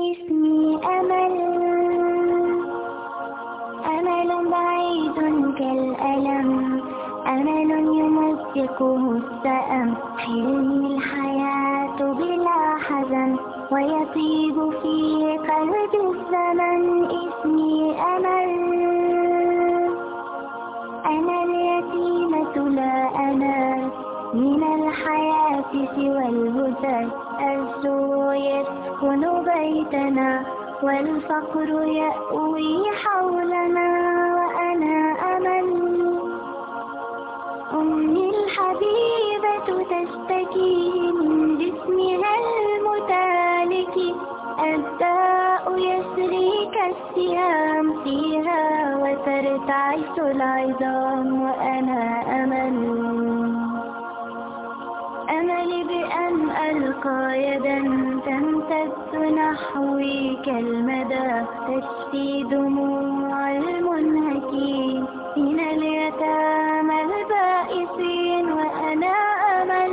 اسمي أمل أمل بعيد كالألم أمل يمزقه السأم حلمي الحياة بلا حزن ويطيب في قلب الزمن اسمي أمل أنا اليتيمة لا أنا من الحياة سوى الهدى أرجو يسكن بيتنا والفقر يأوي حولنا وأنا أمل أمي الحبيبة تشتكي من جسمها المتالك الداء يسري كالسهام فيها وترتعش العظام ألقى يدا تمتد نحوي كالمدى تشفي دموع المنهكين من اليتامى البائسين وأنا أمل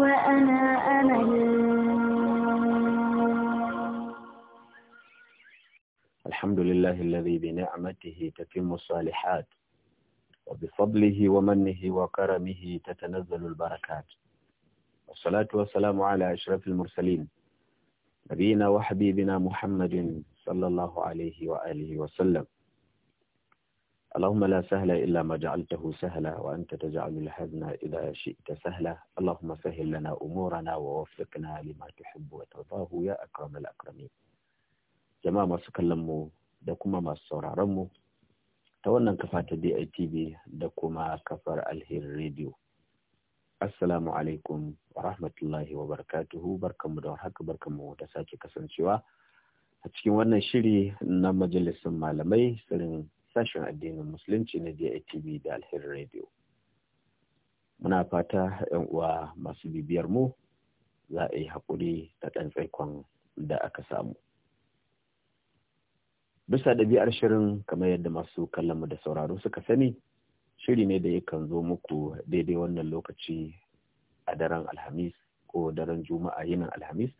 وأنا أمل الحمد لله الذي بنعمته تتم الصالحات وبفضله ومنه وكرمه تتنزل البركات والصلاة والسلام على أشرف المرسلين نبينا وحبيبنا محمد صلى الله عليه وآله وسلم اللهم لا سهل إلا ما جعلته سهلا وأنت تجعل الحزن إذا شئت سهلا اللهم سهل لنا أمورنا ووفقنا لما تحب وترضاه يا أكرم الأكرمين جماعة ما سكلموا دكما ما صور sauraronmu تونا كفاتي kafa ta DITV da kuma kafar Alheri Assalamu alaikum wa rahmatullahi wa barakatuhu barkanmu da haka barkanmu da sake kasancewa a cikin wannan shiri na majalisar malamai tsirin sashen addinin musulunci na DITV da alherin radio. Muna fata ‘yan uwa masu bibiyar mu za a yi haƙuri da ɗan tsaikon da aka samu. Bisa ɗabi'ar shirin kamar yadda masu kallonmu da sauraro suka sani shiri ne da yakan zo muku daidai wannan lokaci a daren alhamis ko daren juma'a yinin alhamis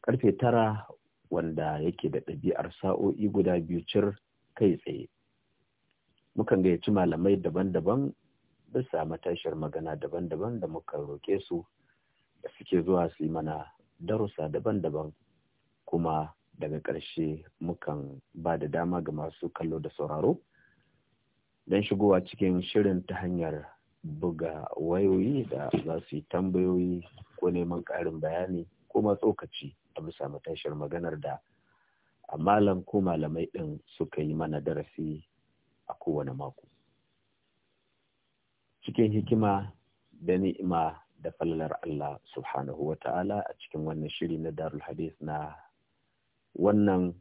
karfe tara wanda yake da ɗabi'ar sa'o'i guda biyu cir kai tsaye mukan gayyaci malamai daban-daban bisa matashiyar magana daban-daban da muka roƙe su da suke zuwa su yi mana darussa daban-daban kuma daga ƙarshe mukan ba da dama ga masu kallo da sauraro don shigowa cikin shirin ta hanyar buga wayoyi da za su yi tambayoyi ko neman ƙarin bayani ko matsokaci tsokaci a bisa matashiyar maganar da a malam ko malamai ɗin suka yi mana darasi a kowane mako. Cikin hikima da ni'ima da falalar Allah subhanahu wa ta'ala a cikin wannan shiri na Darul hadith na wannan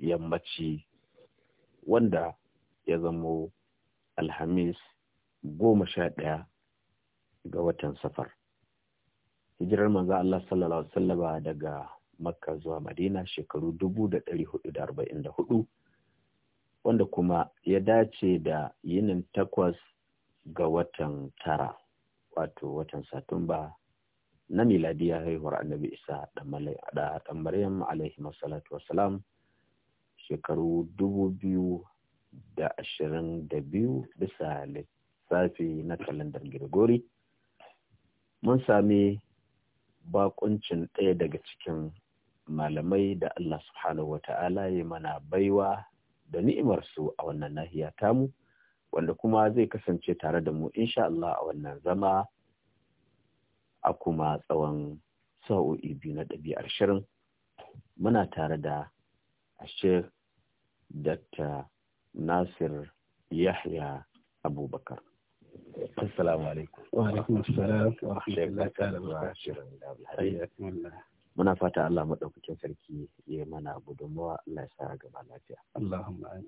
yammaci wanda ya zamo alhamis goma sha ɗaya ga watan safar hijirar manzo Allah sallallahu alaihi wasallama daga makka zuwa madina shekaru dubu da ɗari hudu da arba'in da hudu wanda kuma ya dace da yinin takwas ga watan tara wato watan satumba na ya haihuwar annabi isa da ɗan maryam alaihi shekaru dubu biyu da ashirin da biyu bisa lissafi na kalandar girgori. Mun sami bakuncin ɗaya daga cikin malamai da Allah subhanahu wa ta'ala ya mana baiwa da ni'imarsu a wannan nahiya tamu, wanda kuma zai kasance tare da mu insha Allah a wannan zama a kuma tsawon sa'o'i biyu na ɗabi'ar shirin. Muna tare da Ashir Dr. nasir yahya abubakar assalamu alaikum wa alaikum assalam wa rahmatullahi muna fata Allah maɗaukakin sarki ya mana gudunmawa Allah ya sa gaba lafiya Allahumma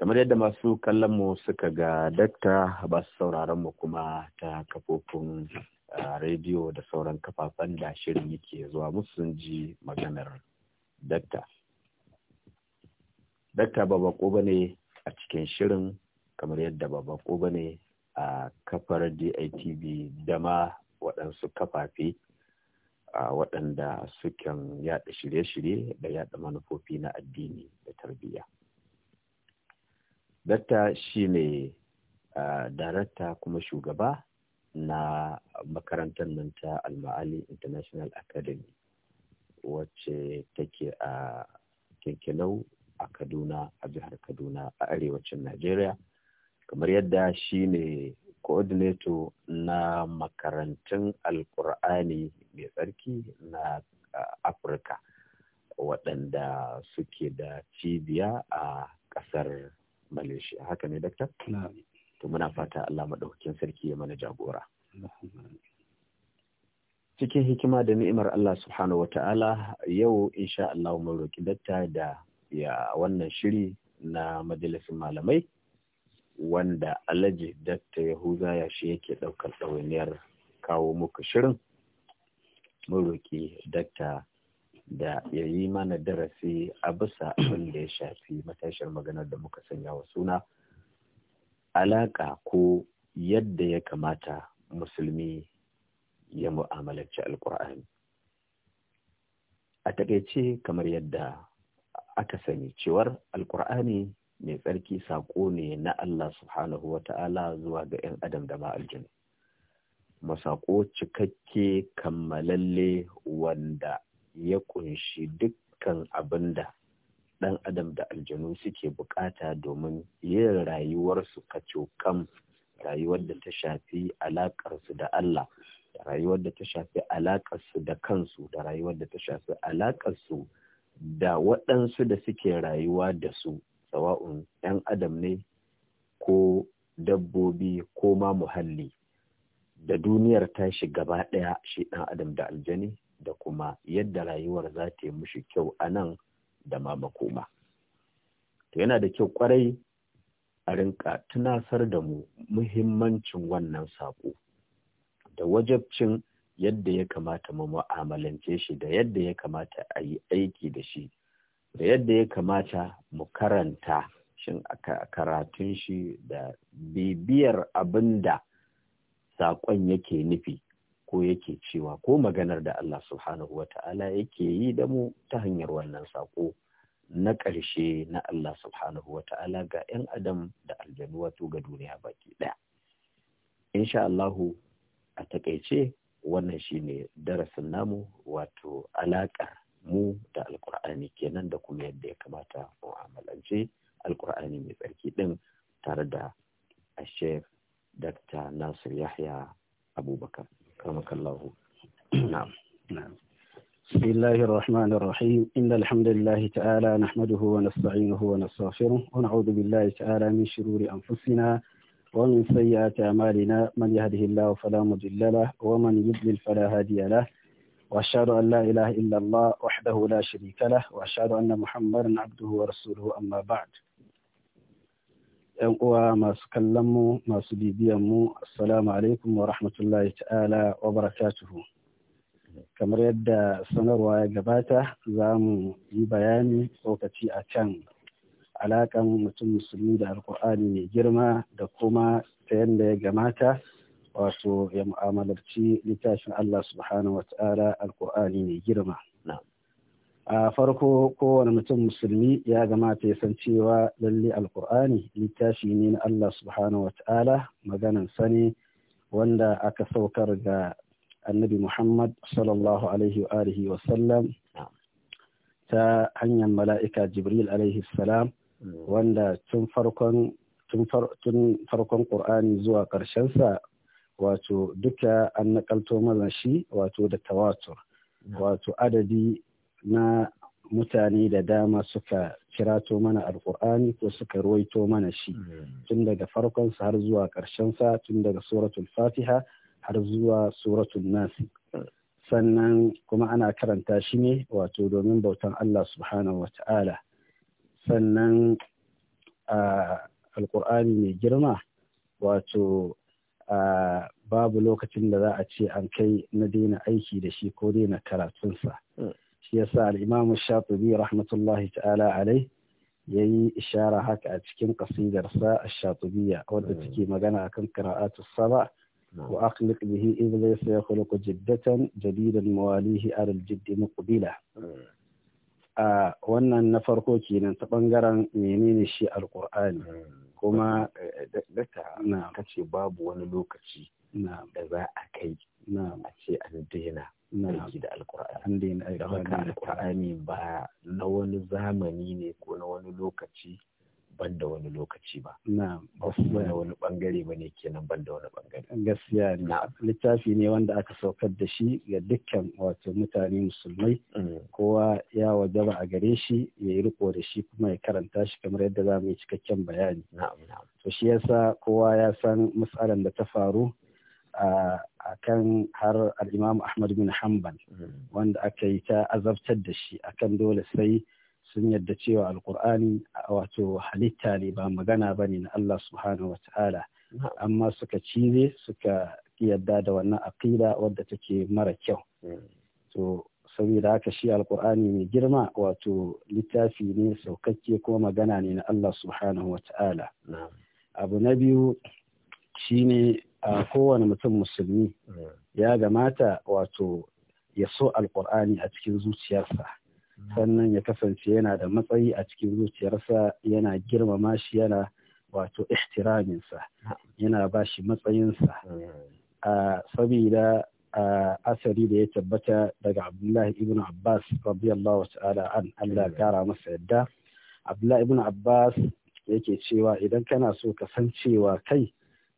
kamar yadda masu kallon mu suka ga dakta ba su sauraron mu kuma ta kafofin rediyo da sauran kafafen da shirin yake zuwa musu sun ji maganar dakta dakta Baba Koba ne a cikin shirin kamar yadda Baba Koba ne a kafar DITV da ma waɗansu kafafe waɗanda suken yaɗa shirye-shirye da yaɗa manufofi na addini da tarbiyya. Dakta shi ne darakta kuma shugaba na makarantar nan ta Alma'ali International Academy wacce take a Kinkilau a Kaduna a jihar Kaduna a arewacin Najeriya kamar yadda shi ne coordinator na makarantun alkur'ani mai tsarki na Afirka waɗanda suke da cibiya a ƙasar Malaysia haka ne dakta? To muna fata Allah maɗaukakin sarki ya mana jagora. cikin hikima da ni'imar Allah subhanahu wa ta'ala yau insha Allah mun roki datta da ya wannan shiri na majalisin malamai wanda alhaji dakta yahuza ya shi yake ɗaukar ɗawainiyar kawo muku shirin mun roƙi da ya yi mana darasi a bisa abin da ya shafi matashiyar maganar da muka sanya wa suna alaƙa ko yadda ya kamata musulmi ya mu'amalarci alƙur'ani a taƙaice kamar yadda aka sani cewar alkur'ani mai tsarki saƙo ne na Allah subhanahu wa ta'ala zuwa ga 'yan adam da ma aljanu masako cikakke kammalalle wanda ya ƙunshi dukkan abin da ɗan adam da aljanu suke bukata domin yin rayuwarsu kacokan rayuwar da ta shafi alaƙarsu da Allah rayuwar da ta shafi alaƙarsu da kansu da rayuwar da ta shafi alaƙarsu da waɗansu da suke rayuwa da su sawa'un 'yan adam ne ko dabbobi ko ma muhalli da duniyar tashi gaba ɗaya shi ɗan adam da aljani da kuma yadda rayuwar za ta yi mushi kyau a nan da ma makoma. To yana da kyau kwarai a rinka tunasar da mu muhimmancin wannan saƙo da wajabcin yadda ya kamata mu mu'amalance shi da yadda ya kamata a yi aiki da shi da yadda ya kamata mu karanta shin karatun shi da bibiyar abin da saƙon yake nufi ko yake cewa ko maganar da Allah subhanahu wa ta'ala yake yi da mu ta hanyar wannan saƙo na ƙarshe na Allah subhanahu wa ta'ala ga 'yan adam da aljanu wato ga duniya baki ɗaya. Insha Allahu a taƙaice wannan shine darasin namu wato alaƙar mu da alkur'ani kenan da kuma yadda ya kamata mu'amalance alkur'ani mai tsarki din tare da ashef dakta nasir yahya abubakar karmakallahu بسم الله الرحمن الرحيم إن الحمد لله تعالى نحمده ونستعينه ونستغفره ونعوذ بالله تعالى من شرور أنفسنا ومن سيئات أعمالنا من يهده الله فلا مضل له ومن يضلل فلا هادي له وأشهد أن لا إله إلا الله وحده لا شريك له وأشهد أن محمدا عبده ورسوله أما بعد ‘Yan uwa masu mu masu bibiyanmu, Assalamu alaikum wa rahmatulahi ta'ala wa barakatuhu. Kamar yadda sanarwa ya gabata, za mu yi bayani tsokaci a kan alaƙan mutum musulmi da alkur'ani mai girma da kuma ta yadda ya gamata wato ya mu'amalarci littafin Allah subhanahu wa ta'ala alƙur'ani mai girma. A farko kowane mutum musulmi ya gamata ya san cewa lalle alkur'ani littafi ne na Allah subhanahu wa ta'ala maganan sani wanda aka saukar ga annabi Muhammad sallallahu alaihi wa alihi wa sallam ta hanyar mala'ika Jibril alaihi salam Mm. wanda tun farkon tun farkon ƙur'ani zuwa ƙarshensa wato duka an naƙalto mana shi wato da tawatur mm. wato adadi na mutane da dama suka kirato mana alƙur'ani ko suka ruwaito mana shi mm. tun daga farkonsa har zuwa ƙarshensa tun daga suratul fatiha har zuwa suratul nasi sannan kuma ana karanta shi ne wato domin bautan Allah subhanahu wa ta'ala sannan alkur'ani mai girma wato babu lokacin da za a ce an kai na daina aiki da shi ko daina karatunsa hmm. shi yasa al'imamu shafi rahmatullahi ta'ala alai ya yi ishara haka a cikin kasidarsa a shatubiya wadda hmm. take magana akan kara'atu saba hmm. wa akhliq bihi iblis ya khuluqu jiddatan jadidan mawalihi ala al-jidd muqbila a wannan na farko kenan ta bangaren menene shi alkur'ani eh, kuma eh, dakta na kace babu wani lokaci na da za a kai a ce an daina na da alkur'ani da alkur'ani ba na wani zamani ne ko na wani lokaci ban da wani lokaci ba. Na. Ba wani bangare ba ne kenan ban da wani bangare. Gaskiya ne. Littafi ne wanda aka saukar da shi ga dukkan wato mutane musulmai. Mm. Kowa ya wajaba a gare shi ya yi riko da shi kuma ya karanta shi kamar yadda za mu yi cikakken bayani. Na'am na'am. To shi yasa kowa ya san matsalar da ta faru a kan har al'imam Ahmad bin Hanbal mm. wanda aka yi ta azabtar da shi akan dole sai sun yadda cewa alkur'ani wato halitta ne ba magana ba ne na Allah subhanahu wa ta'ala amma suka cize suka yadda da wannan aqida wadda take mara kyau to saboda haka shi alkur'ani mai girma wato littafi ne saukakke kuma magana ne na Allah subhanahu wa ta'ala abu na biyu shine a kowane mutum musulmi ya gamata wato ya so alkur'ani a cikin zuciyarsa sannan ya kasance yana da matsayi a cikin zuciyarsa yana girmama shi yana wato ihtiraminsa yana ba shi matsayinsa sabida asali da ya tabbata daga abdullahi ibn abbas radiyallahu ta'ala an allah kara masa yadda abdullahi ibn abbas yake cewa idan kana so ka san cewa kai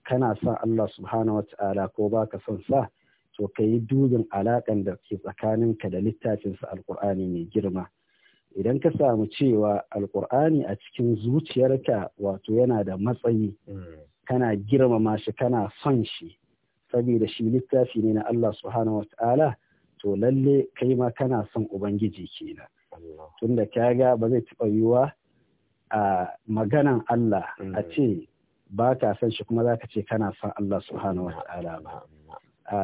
kana sa allah subhanahu wa ta'ala ko ba ka son sa to ka yi dubin alaƙan da ke tsakaninka da littafinsa alƙur'ani mai girma idan ka samu cewa alƙur'ani a cikin zuciyarka wato yana da matsayi kana girmama shi kana son shi saboda shi littafi ne na Allah subhanahu Ta'ala, to lalle kai ma kana son ubangiji kenan tunda ga ba zai taɓa yiwuwa a maganan Allah a hmm. ce ba ka san shi kuma za ka ce kana son Allah subhanahu Ta'ala ba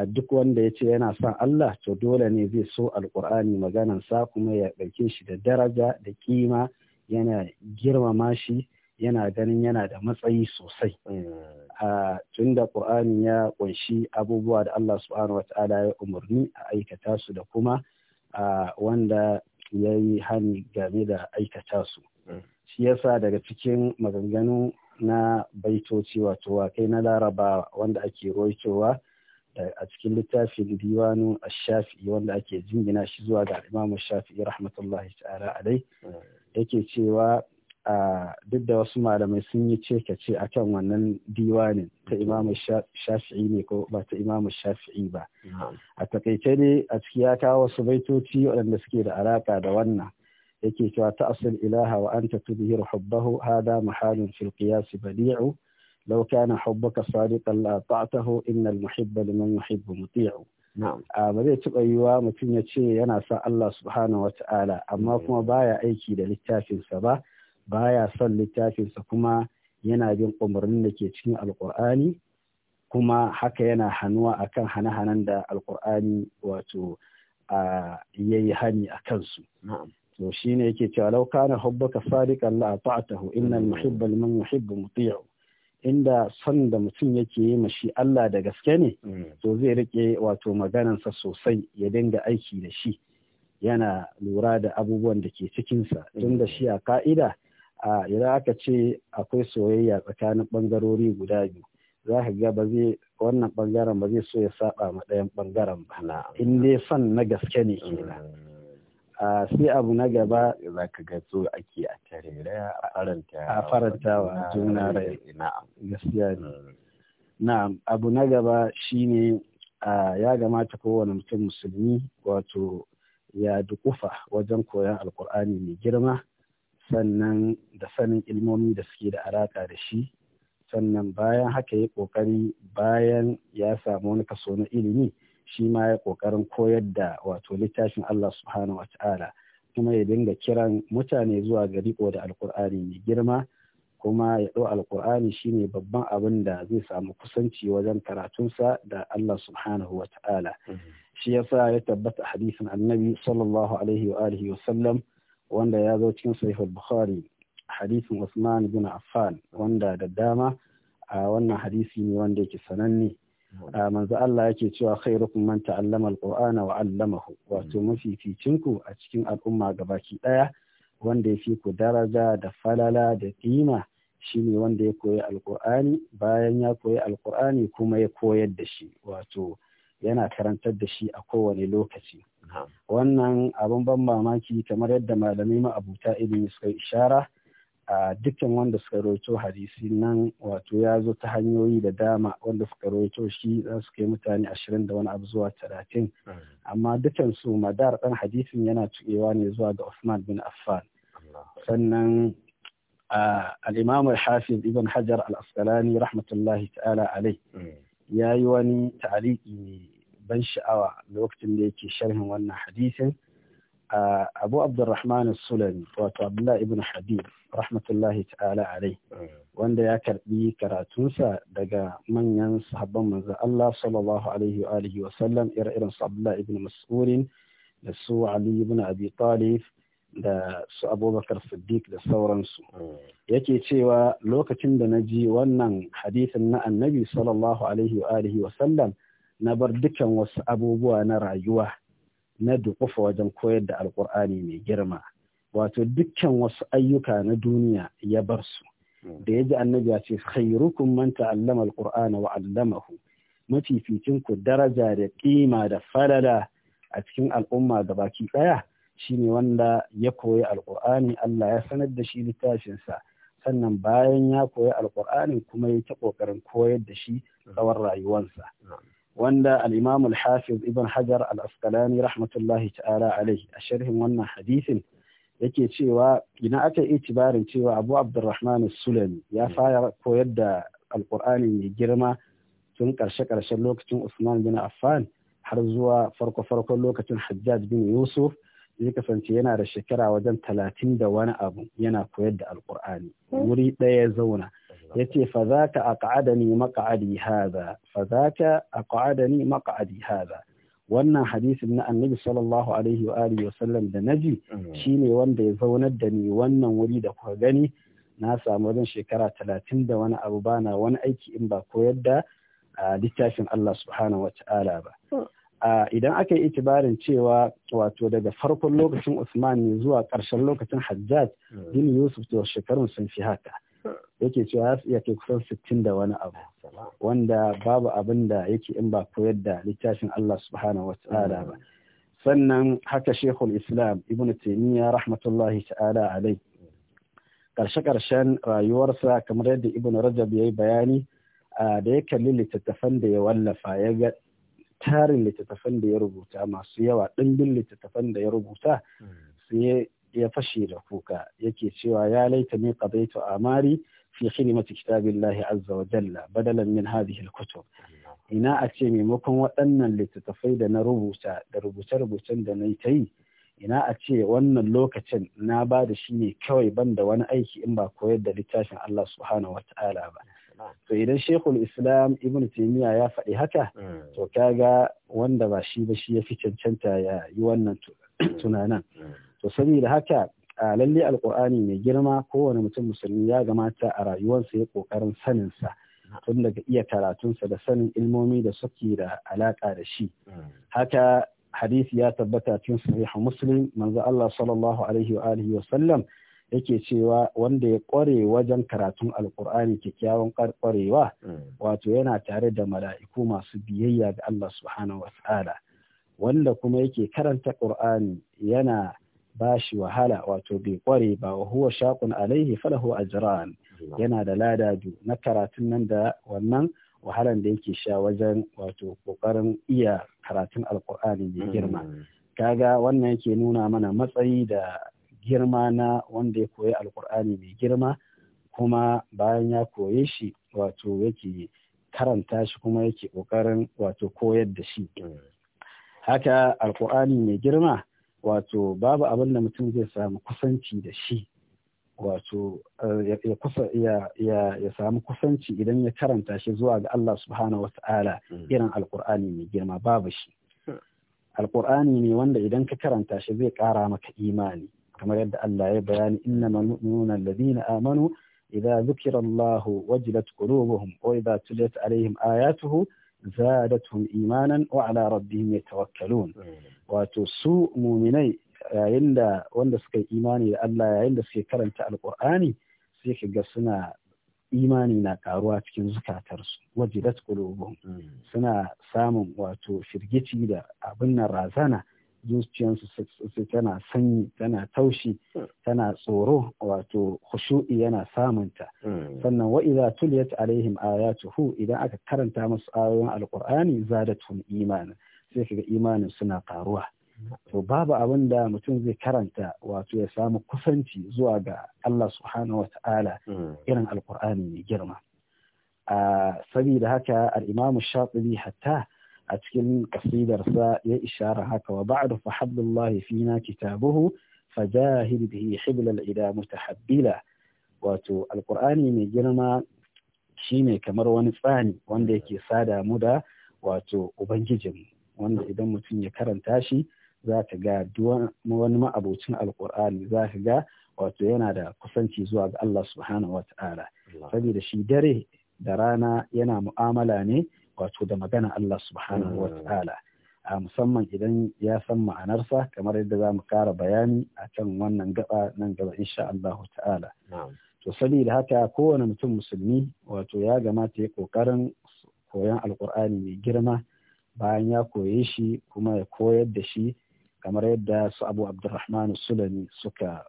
duk wanda ya ce yana son Allah to dole ne zai so alkur'ani maganansa kuma ya ɗauke shi da daraja da kima yana girmama shi yana ganin yana da matsayi sosai a tun da ƙur'ani ya ƙunshi abubuwa da Allah subhanahu wa ta'ala ya umarni a aikata su da kuma a wanda ya yi hani game da aikata su shi yasa daga cikin maganganu na baitoci wato kai na laraba wanda ake roitowa a cikin littafi diwanu a shafii wanda ake jingina shi zuwa ga imamu shafi'i rahmatullahi ta'ala alai yake cewa duk da wasu malamai sun yi ce ce akan wannan diwanin ta imamu shafi'i ne ko ba ta imamu shafi'i ba a takaice ne a ciki ya kawo wasu baitoci waɗanda suke da alaƙa da wannan yake cewa ta asul ilaha wa anta tudhiru hubbahu hada mahalin fil qiyas لو كان حبك صادقا لأطعته إن المحب لمن يحب مطيع ba zai taɓa yiwuwa mutum ya ce yana sa Allah subhanahu wa ta'ala amma kuma baya aiki da littafinsa ba baya son littafinsa kuma yana bin umarnin da ke cikin alkur'ani kuma haka yana hannuwa akan hane-hanen da alkur'ani wato ya hani a kansu to shine yake cewa lau kana hubbaka sadiqan la ata'tahu innal muhibba liman yuhibbu muti'u inda son da mutum yake yi mashi Allah da gaske ne hmm. to zai rike wato maganansa sosai ya dinga aiki da shi yana lura da abubuwan da ke cikinsa hmm. tun da shi a ka'ida a idan aka ce akwai soyayya tsakanin ɓangarori guda biyu za ka ga ba wannan bangaren ba zai so ya saba ma ɗayan bangaren ba na inda son na gaske ne kenan hmm. a sai abu na gaba za ka ga so ake a tarera a faranta wa juna rai gaskiya ne mm. na'am abu na gaba shine ya gamata kowane mutum musulmi wato ya dukufa wajen koyon alkur'ani mai girma sannan da sanin ilmomi da suke da alaka da shi sannan bayan haka ya kokari bayan ya samu wani kaso na ilimi shi ma ya ƙoƙarin koyar da wato littafin Allah subhanahu wa ta'ala kuma ya dinga kiran mutane zuwa ga riko da alkur'ani mai girma kuma ya ɗau alkur'ani ne babban abin da zai samu kusanci wajen karatunsa da Allah subhanahu wa ta'ala shi sa ya tabbata hadisin annabi sallallahu alaihi wa alihi wa sallam wanda ya zo cikin sahih bukhari hadisin Usman bin Affan wanda da dama a wannan hadisi ne wanda yake sananne Ah, manzo Allah yake cewa khairukum man ta'allama qurana wa 'allamahu wato hmm. mafi a cikin al'umma gabaki daya wanda yake ku daraja da falala da kima shine wanda ya koyi Al-Qur'ani bayan ya koyi Al-Qur'ani kuma ya koyar da shi wato yana karantar da shi a kowane lokaci wannan abin ban mamaki kamar yadda malamai ma'abuta ilimi suka ishara dukkan wanda suka rawaito hadisi nan wato ya zo ta hanyoyi da dama wanda suka rawaito shi za su kai mutane ashirin da wani abu zuwa talatin amma dukkan su madar ɗan hadisin yana tuƙewa ne zuwa ga Usman bin Affan sannan al-Imam al-Hafiz Ibn Hajar al-Asqalani rahmatullahi ta'ala alai hmm. ya yi wani ta'aliki ne ban sha'awa lokacin da yake sharhin wannan hadisin abu abdurrahman wato abdullah ibn hadid rahmatullahi ta'ala alai wanda ya karbi karatunsa daga manyan sahabban manzo Allah sallallahu alaihi wa alihi wa sallam irin su Abdullah ibn Mas'ud da su Ali ibn Abi Talib da su Abubakar Siddiq da sauransu yake cewa lokacin da na ji wannan hadithin na Annabi sallallahu alaihi wa alihi wa sallam na bar dukan wasu abubuwa na rayuwa na dukufa wajen koyar da alkur'ani mai girma wato dukkan wasu ayyuka na duniya ya bar su hmm. da ya ji annabi ya ce khairukum man ta'allama alqur'ana wa 'allamahu mafificin ku daraja da kima da falala a cikin al'umma da baki daya shine wanda ya koyi alqur'ani Allah ya sanar da shi littafinsa sannan bayan ya koyi alqur'ani kuma ya ta kokarin koyar da shi tsawon rayuwarsa hmm. wanda al-Imam al-Hafiz Ibn Hajar al-Asqalani rahmatullahi ta'ala alaihi a sharhin wannan hadisin yake cewa ina aka yi itibarin cewa abu abdurrahman sulami ya hmm. fara koyar da alkur'ani mai girma tun karshe-karshen lokacin usman bin affan har zuwa farko-farkon lokacin hajjaj bin yusuf zai kasance yana da shekara wajen talatin da wani abu yana koyar da alkur'ani hmm. wuri ɗaya zauna hmm. ya ce fa za ka a ƙa'adani maƙa'adi haza fa za ka a ƙa'adani maƙa'adi haza wannan hadisin na annabi sallallahu alaihi wa alihi wa sallam da naji mm. shine wanda ya zaunar da ni wannan wuri da kuka gani na samu wajen shekara talatin da wani abu bana wani aiki in ba koyar da littafin Allah subhanahu wa ta'ala ba idan aka yi itibarin cewa wato daga farkon lokacin Usman ne zuwa ƙarshen lokacin Hajjaj mm. bin Yusuf to shekarun sun fi haka yake cewa ya iya kai kusan sittin da wani abu wanda babu abin da yake in ba koyar da littafin Allah subhanahu wa ta'ala ba sannan haka shekul islam ibn taimiyya rahmatullahi ta'ala alai karshe-karshen rayuwarsa kamar yadda ibn rajab ya yi bayani da ya kalli littattafan da ya wallafa ya ga tarin littattafan da ya rubuta masu yawa ɗimbin littattafan da ya rubuta hmm. sai ya fashe da kuka yake cewa ya laita ne a amari fi khidmati kitabillahi azza wa jalla badalan min hadhihi alkutub ina a ce maimakon waɗannan littattafai da na rubuta da rubuce-rubucen da na yi ta yi ina a ce wannan lokacin na ba da shi ne kawai ban da wani aiki in ba koyar da littafin Allah subhanahu wa ta'ala ba to idan shekul islam ibn taimiyya ya faɗi haka to kaga wanda ba shi ba shi ya fi cancanta ya yi wannan tunanan mm. to saboda haka a lalle alkur'ani mai girma kowane mutum musulmi ya gamata a rayuwarsa ya kokarin sanin sa tun daga iya karatunsa da sanin ilmomi da suke da alaka da shi haka hadisi ya tabbata cikin sahih muslim manzo Allah sallallahu alaihi wa alihi wa sallam yake cewa wanda ya kware wajen karatun alkur'ani kyakkyawan kwarewa wato yana tare da mala'iku masu biyayya ga Allah subhanahu wa ta'ala wanda kuma yake karanta qur'ani yana ba shi wahala wato bai kware ba wa huwa shaqun alaihi falahu ajran yana da lada biyu na karatun nan da wannan wahalan da yake sha wajen wato kokarin iya karatun alkur'ani mai girma mm. kaga wannan yake nuna mana matsayi da girma na wanda ya koyi alkur'ani mai girma kuma bayan ya koye shi wato yake karanta shi kuma yake kokarin wato koyar da shi mm. haka alkur'ani mai girma wato babu abin da mutum zai samu kusanci da shi wato eh, ya samu kusanci idan ya karanta shi zuwa ga Allah subhanahu wa ta'ala hmm. irin alkur'ani mai girma babu shi hmm. alkur'ani ne wanda idan ka karanta shi zai kara maka imani kamar yadda Allah ya bayani inna mu'minuna alladhina amanu idza dhukira Allahu wajilat qulubuhum wa idza tuliyat alaihim ayatuhu zadatuhum imanan wa ala rabbihim yatawakkalun wato su muminai yayin da wanda suka yi imani da Allah yayin da suka karanta alqur'ani sai ka ga suna imani na karuwa cikin zukatarsu wajidat qulubuhum suna samun wato firgici da abin nan razana zuciyarsu tana sanyi tana taushi hmm. tana tsoro wato khushu'i yana samunta hmm. sannan wa idza tuliyat alaihim ayatuhu idan aka karanta musu ayoyin alqur'ani zadatuhum imana sai kaga imanin suna karuwa to babu abin da mutum zai karanta wato ya samu kusanci zuwa ga Allah subhanahu wata'ala hmm. irin alqur'ani mai girma ah, sabida haka al-imam shatibi hatta a cikin kasidarsa ya ishara haka wa ba'du fa hablullahi fina kitabuhu fajahid bihi al ida mutahabbila wato alqur'ani mai girma shine kamar wani tsani wanda yake sada mu da wato ubangijin wanda idan mutum ya karanta shi za ka ga wani ma'abocin alkur'ani za ka ga wato yana da kusanci zuwa ga Allah subhanahu wa ta'ala saboda shi dare da rana yana mu'amala ne wato da magana Allah subhanahu wa mm. ta'ala a musamman idan ya san ma'anarsa kamar yadda za mu kara bayani a kan wannan gaba nan gaba insha Allah ta'ala to saboda haka kowane mutum musulmi wato ya gamata ya kokarin koyan alkur'ani mai girma bayan ya koye shi kuma ya koyar da shi kamar yadda su abu abdurrahman sulani suka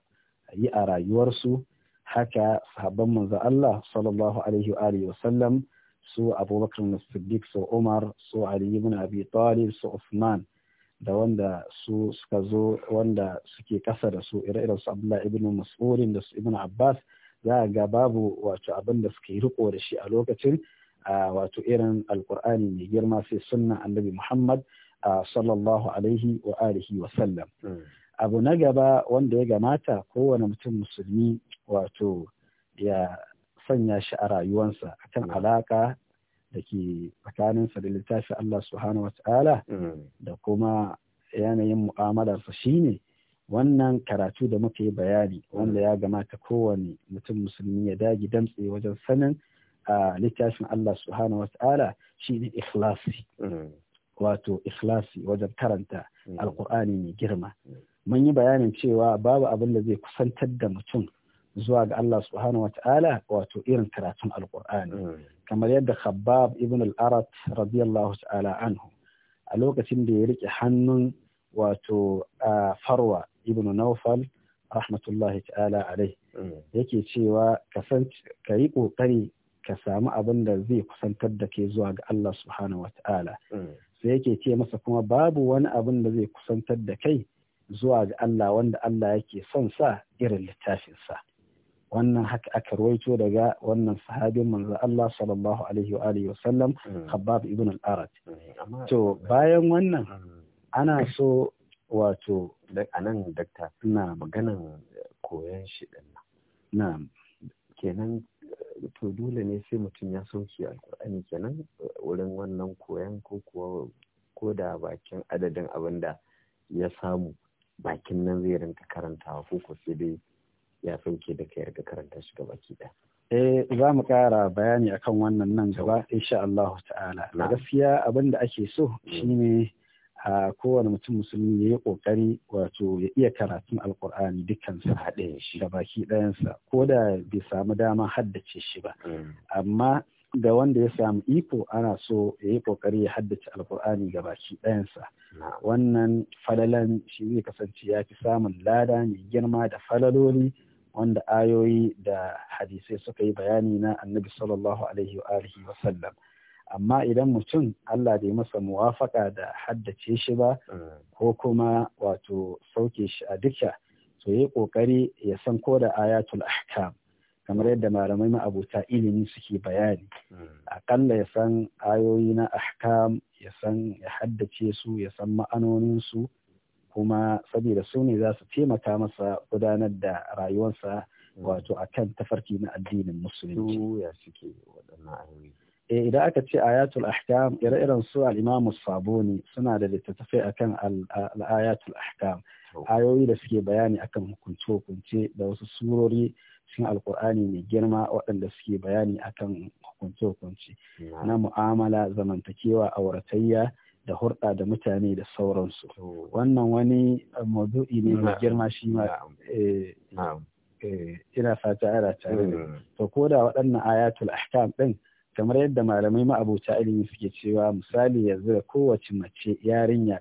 yi a rayuwarsu haka sahabban manzo Allah sallallahu alaihi wa sallam su abubakar na siddiq su umar su ali ibn abi talib su usman da wanda su suka zo wanda suke kasa da su ire su abdullahi ibn mas'udin da su ibn abbas za a ga babu wato abin da suke riko da shi a lokacin wato irin alkur'ani mai girma sai sunna annabi muhammad sallallahu alaihi wa alihi wa sallam abu na gaba wanda ya gamata kowane mutum musulmi wato ya sanya shi a rayuwansa akan mm. alaka da ke tsakaninsa da littafin Allah subhanahu wa ta'ala mm. da kuma yanayin mu'amalarsa shine wannan karatu da muka yi bayani wanda mm. ya gamata kowane mutum musulmi ya dagi damtse wajen sanin a littafin Allah subhanahu wa ta'ala shine ikhlasi wato ikhlasi wajen karanta alkur'ani mai girma mun yi bayanin cewa babu abin da zai kusantar da mutum zuwa ga Allah subhanahu wata'ala wato irin karatun alkur'ani kamar yadda khabbab ibn al-arat radiyallahu ta'ala anhu a lokacin da ya rike hannun wato farwa ibn naufal rahmatullahi ta'ala alai yake cewa ka yi kokari ka samu abin da zai kusantar da ke zuwa ga Allah subhanahu wata'ala sai yake ce masa kuma babu wani abin da zai kusantar da kai zuwa ga Allah wanda Allah yake son sa irin littafinsa. wannan haka aka rawaito daga wannan sahabin manzo Allah sallallahu alaihi wa alihi wasallam mm. Khabbab ibn al-Arat mm. to bayan wannan mm. ana so wato anan dakta ina maganan koyon shi din nan kenan to dole ne sai mutum ya sauke alkur'ani kenan wurin wannan koyan ko kuwa ko da bakin adadin abin da ya samu bakin nan zai rinka karantawa ko ko sai dai ya sauke da ka ga karanta shi gaba ki Eh za mu ƙara bayani akan wannan nan gaba insha Allah ta'ala. gaskiya abin da ake so mm. shine a kowane mutum musulmi ya yi ƙoƙari wato ya iya karatun alkur'ani dukkansa haɗe shi da baki ɗayansa ko da bai samu dama haddace shi ba. Mm. Amma ga wanda ya samu iko ana so ya yi kokari ya haddace alkur'ani ga baki ɗayansa wannan falalan shi zai kasance ya fi samun lada mai girma da falaloli wanda ayoyi da hadisai suka yi bayani na annabi sallallahu alaihi wa alihi wa sallam amma idan mutum Allah bai masa muwafaka da haddace shi ba mm. ko kuma wato sauke shi a duka to yi kokari ya san ko da ayatul ahkam kamar yadda malamai ma'abuta ilimi suke bayani mm. akalla ya san ayoyi na ahkam ya san ya haddace su ya san ma'anonin su kuma saboda su ne za su taimaka masa gudanar da rayuwarsa wato a kan tafarki na addinin musulunci. eh idan aka ce ayatul ahkam ire-iren su al-imam saboni suna da littattafai akan ayatul ahkam ayoyi da suke bayani akan hukunce hukunce da wasu surori cikin alkur'ani mai girma waɗanda suke bayani akan hukunce hukunce na mu'amala zamantakewa auratayya da hurɗa da mutane da sauransu wannan wani eh, maudu'i ne mai girma shi ma eh, eh, ina fata ara tare da mm. to ko da waɗannan ayatul ahkam ɗin kamar yadda malamai ma'abuta ilimi suke cewa misali yanzu da kowace mace yarinya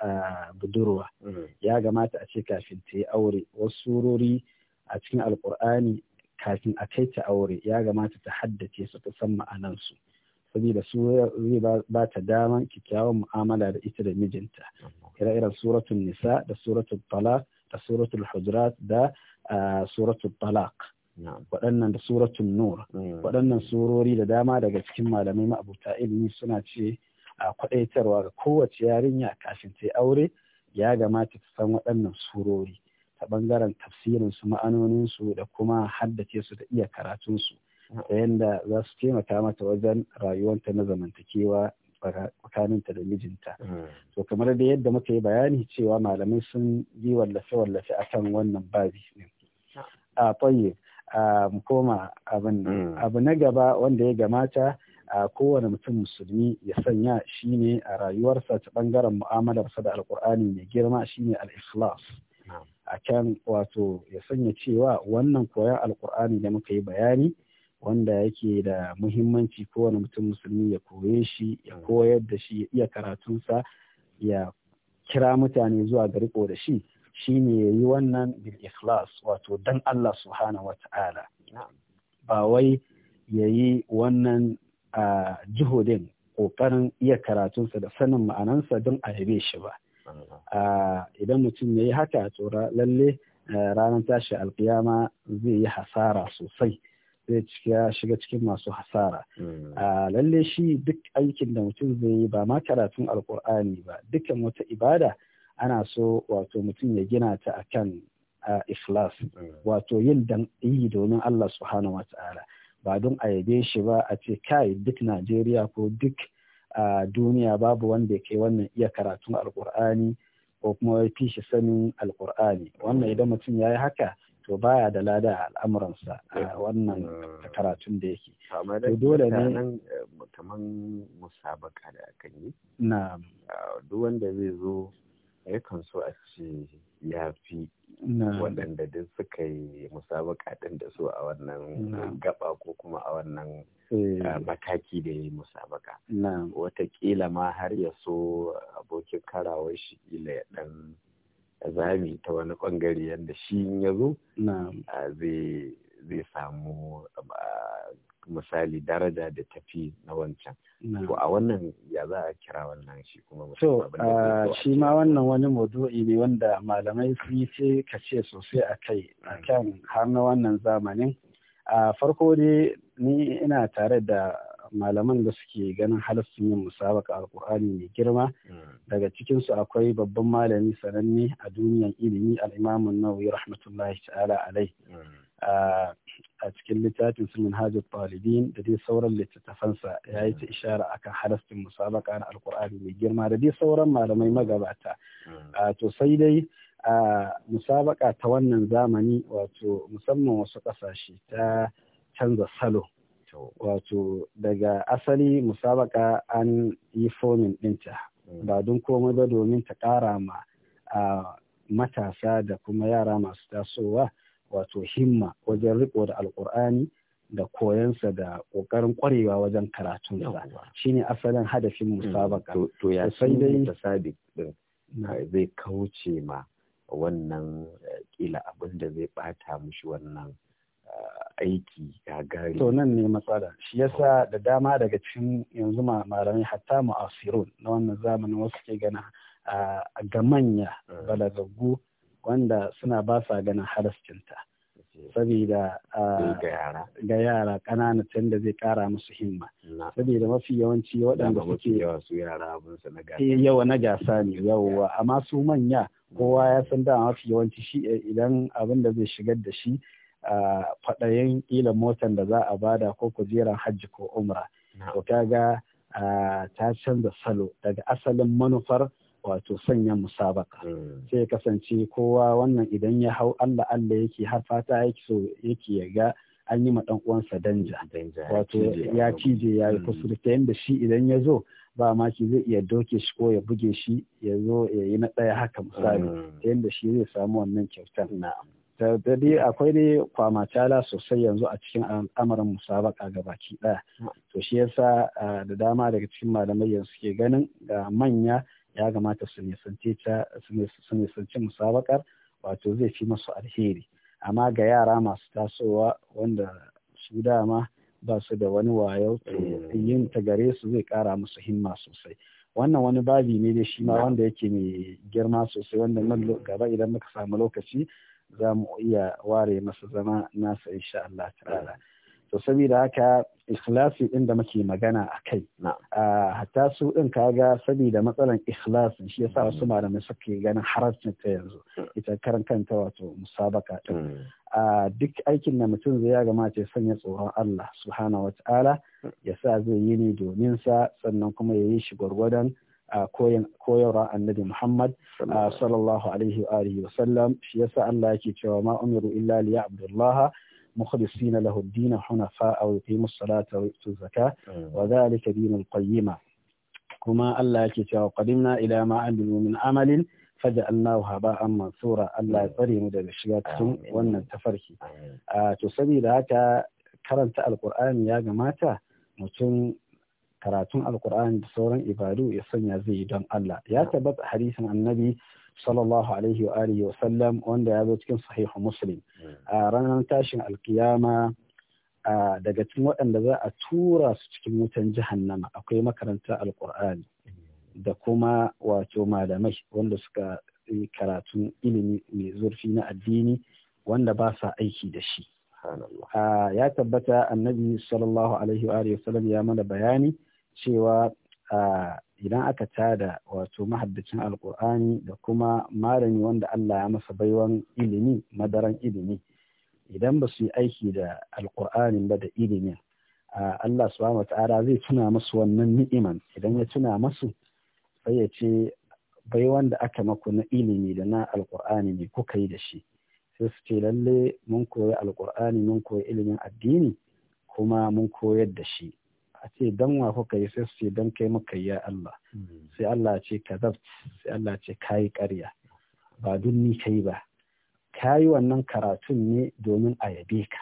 a budurwa mm. ya gamata a ce kafin ta yi aure wasu surori a cikin alkur'ani kafin a kai ta aure ya gamata ta haddace su ta san ma'anansu saboda su zai ba ta daman kyakkyawan mu'amala da ita da mijinta ire-iren suratul nisa da suratul talaq da suratul hujurat da suratul talaq waɗannan da suratul nur hmm. waɗannan surori da dama daga cikin malamai ma'abuta ilimi suna ce a kwaɗaitarwa ga kowace yarinya kafin ta aure ya gamata ta san waɗannan surori ta ɓangaren tafsirinsu ma'anoninsu da kuma haddace su da iya karatunsu ta yanda za su taimaka mata wajen rayuwanta na zamantakewa tsakaninta da mijinta. To hmm. kamar da yadda muka yi bayani cewa malamai sun yi wallafe-wallafe akan wannan babi ne. Ah. A a koma abin hmm. abu na gaba wanda ya gamata a kowane mutum musulmi ya sanya shi ne a rayuwarsa ta bangaren mu'amalarsa da alkur'ani mai girma shine al-ikhlas a can wato ya sanya cewa wannan koyon alkur'ani da muka yi bayani wanda yake da muhimmanci kowane mutum musulmi ya koye shi ya mm. koyar da shi ya iya karatunsa ya kira mutane zuwa ga riko da shi shine ya yi wannan bil ikhlas wato dan Allah subhanahu wa ta'ala ba wai ya yi wannan a jihudin kokarin iya karatunsa da sanin ma'anansa don a yabe shi ba idan mutum ya yi haka tsora lalle eh, ranar tashi alkiyama zai yi hasara sosai zai ya shiga cikin masu hasara hmm. a lalle shi duk aikin da mutum zai yi ba ma karatun alkur'ani ba dukkan wata ibada ana so wato mutum ya gina ta a akan iflas hmm. wato yin dan yi domin Allah subhanahu wa ta'ala ba don a yabe shi ba a ce kai duk Najeriya ko duk duniya babu wanda ya kai wannan iya karatun alkur'ani ko kuma ya fi shi sanin alkur'ani wannan hmm. idan mutum ya yi haka to baya da lada a al'amuransa a eh, wannan eh. karatun da yake to dole ne eh, kamar musabaka da akan yi na ah, duk wanda zai zo yakan so a ce ya fi waɗanda duk suka yi musabaka ɗin da su a wannan gaba ko kuma a wannan ah, mataki da ya yi musabaka Wataƙila ma har ya so abokin karawar shi ila ya ɗan zami ta wani bangare yadda shi ya zo zai samu misali daraja da tafi na wancan to a wannan ya za a kira wannan shi kuma to shi ma wannan wani maudu'i ne wanda malamai sun yi ce ka ce sosai a kai a kan har na wannan zamanin a farko dai ni ina tare da malaman da suke ganin halassun yin musabaka alkur'ani mai girma daga cikinsu akwai babban malami sananne a duniyar ilimi al'imamun nawawi rahmatullahi ta'ala alai a cikin littafin su minhajul talibin da dai sauran littattafansa ya yi ta ishara akan halastin musabaka na alkur'ani mai girma da dai sauran malamai magabata to sai dai a musabaka ta wannan zamani wato musamman wasu ƙasashe ta canza salo wato daga asali musabaka an yi fomin ɗinta mm. ba don komai ba domin ta ƙara ma a matasa da kuma yara masu tasowa wato himma wajen riko da alkur'ani da koyansa da ƙoƙarin ƙwarewa wajen karatunsa shine asalin hadafin mm. musabaka to ya sai dai zai kauce ma wannan eh, ƙila abin da zai bata mushi wannan aiki gagari. To nan ne matsala. Shi yasa da dama daga cikin yanzu malamai hatta mu'asirun na wannan zamanin wasu ke gana ga manya eh. balagaggu wanda suna ba sa ganin halascinta. Saboda eh, ga yara ƙanana tun da zai ƙara musu himma. Saboda mafi yawanci waɗanda suke eh, yawa na gasa ne yawa amma su manya kowa ya san dama mafi yawanci shi idan abin da zai shigar da shi Faɗayen ila motan da za a bada ko kujeran hajji ko umra to kaga ta canza salo daga asalin manufar wato sanya musabaka hmm. sai kasance kowa wannan idan ya hau Allah Allah yake har fata yake so yake ya ga an yi ma uwansa danja wato ya cije ya yi hmm. kusurta yadda shi idan ya zo ba ma ki zai iya doke shi ko ya buge shi ya zo ya yi na ɗaya haka misali hmm. ta yadda shi zai samu wannan kyautar na'am da dai akwai dai kwama cala sosai yanzu a cikin al'amarin musabaka ga baki ɗaya to shi yasa da dama daga cikin malamai yanzu suke ganin ga manya ya gamata su nisanci musabakar wato zai fi masu alheri amma ga yara masu tasowa wanda su dama ba su da wani wayo yin ta gare su zai kara musu himma sosai wannan wani babi ne da shi ma wanda yake mai girma sosai wanda nan gaba idan muka samu lokaci za mu iya ware masa zama nasa insha Allah ta'ala to saboda haka ikhlasi din da muke magana a kai hatta su din kaga saboda matsalan ikhlasin shi yasa wasu malamai suke ganin harancin ta yanzu hmm. ita karan kanta wato musabaka din hmm. duk aikin da mutum zai ya gamata ya sanya tsoron Allah subhanahu wataala hmm. ya sa zai yi ne domin sa sannan kuma ya yi shi gwargwadon koyarwa annabi Muhammad sallallahu alaihi wa alihi wasallam shi yasa Allah yake cewa ma umiru illa li abdullah mukhlisina lahu ad-din hunafa aw yuqimu as-salata wa yutu zakat wa dhalika din al kuma Allah yake cewa qadimna ila ma amilu min amalin haba haba'an mansura Allah ya tsare mu daga shiga cikin wannan tafarki to saboda haka karanta al-qur'ani ya gamata mutum karatun alkur'ani da sauran ibadu ya sanya zai yi don Allah ya tabbata hadisin annabi sallallahu alaihi wa alihi wa sallam wanda ya zo cikin sahihu muslim a ranar tashin alkiyama daga cikin waɗanda za a tura su cikin wutan jahannama akwai makaranta alkur'ani da kuma wato malamai wanda suka yi karatun ilimi mai zurfi na addini wanda ba sa aiki da shi ya tabbata annabi sallallahu alaihi wa sallam ya mana bayani cewa idan aka tada wato mahaddacin alkur'ani da kuma malami wanda Allah ya masa baiwan ilimi madaran ilimi idan ba su yi aiki da alkur'anin ba da ilimin Allah subhanahu ta'ala zai tuna masu wannan ni'iman idan ya tuna masu sai ya ce baiwan da aka maku na ilimi da na alkur'ani ne kuka yi da shi sai su ce lalle mun koyi alkur'ani mun koyi ilimin addini kuma mun koyar da shi a ce dan wa kuka yi sai su ce dan kai muka yi ya Allah hmm. sai Allah ce ka kazabt sai Allah ce kayi karya ba duk ni kai ba kayi wannan karatun ne domin a yabe ka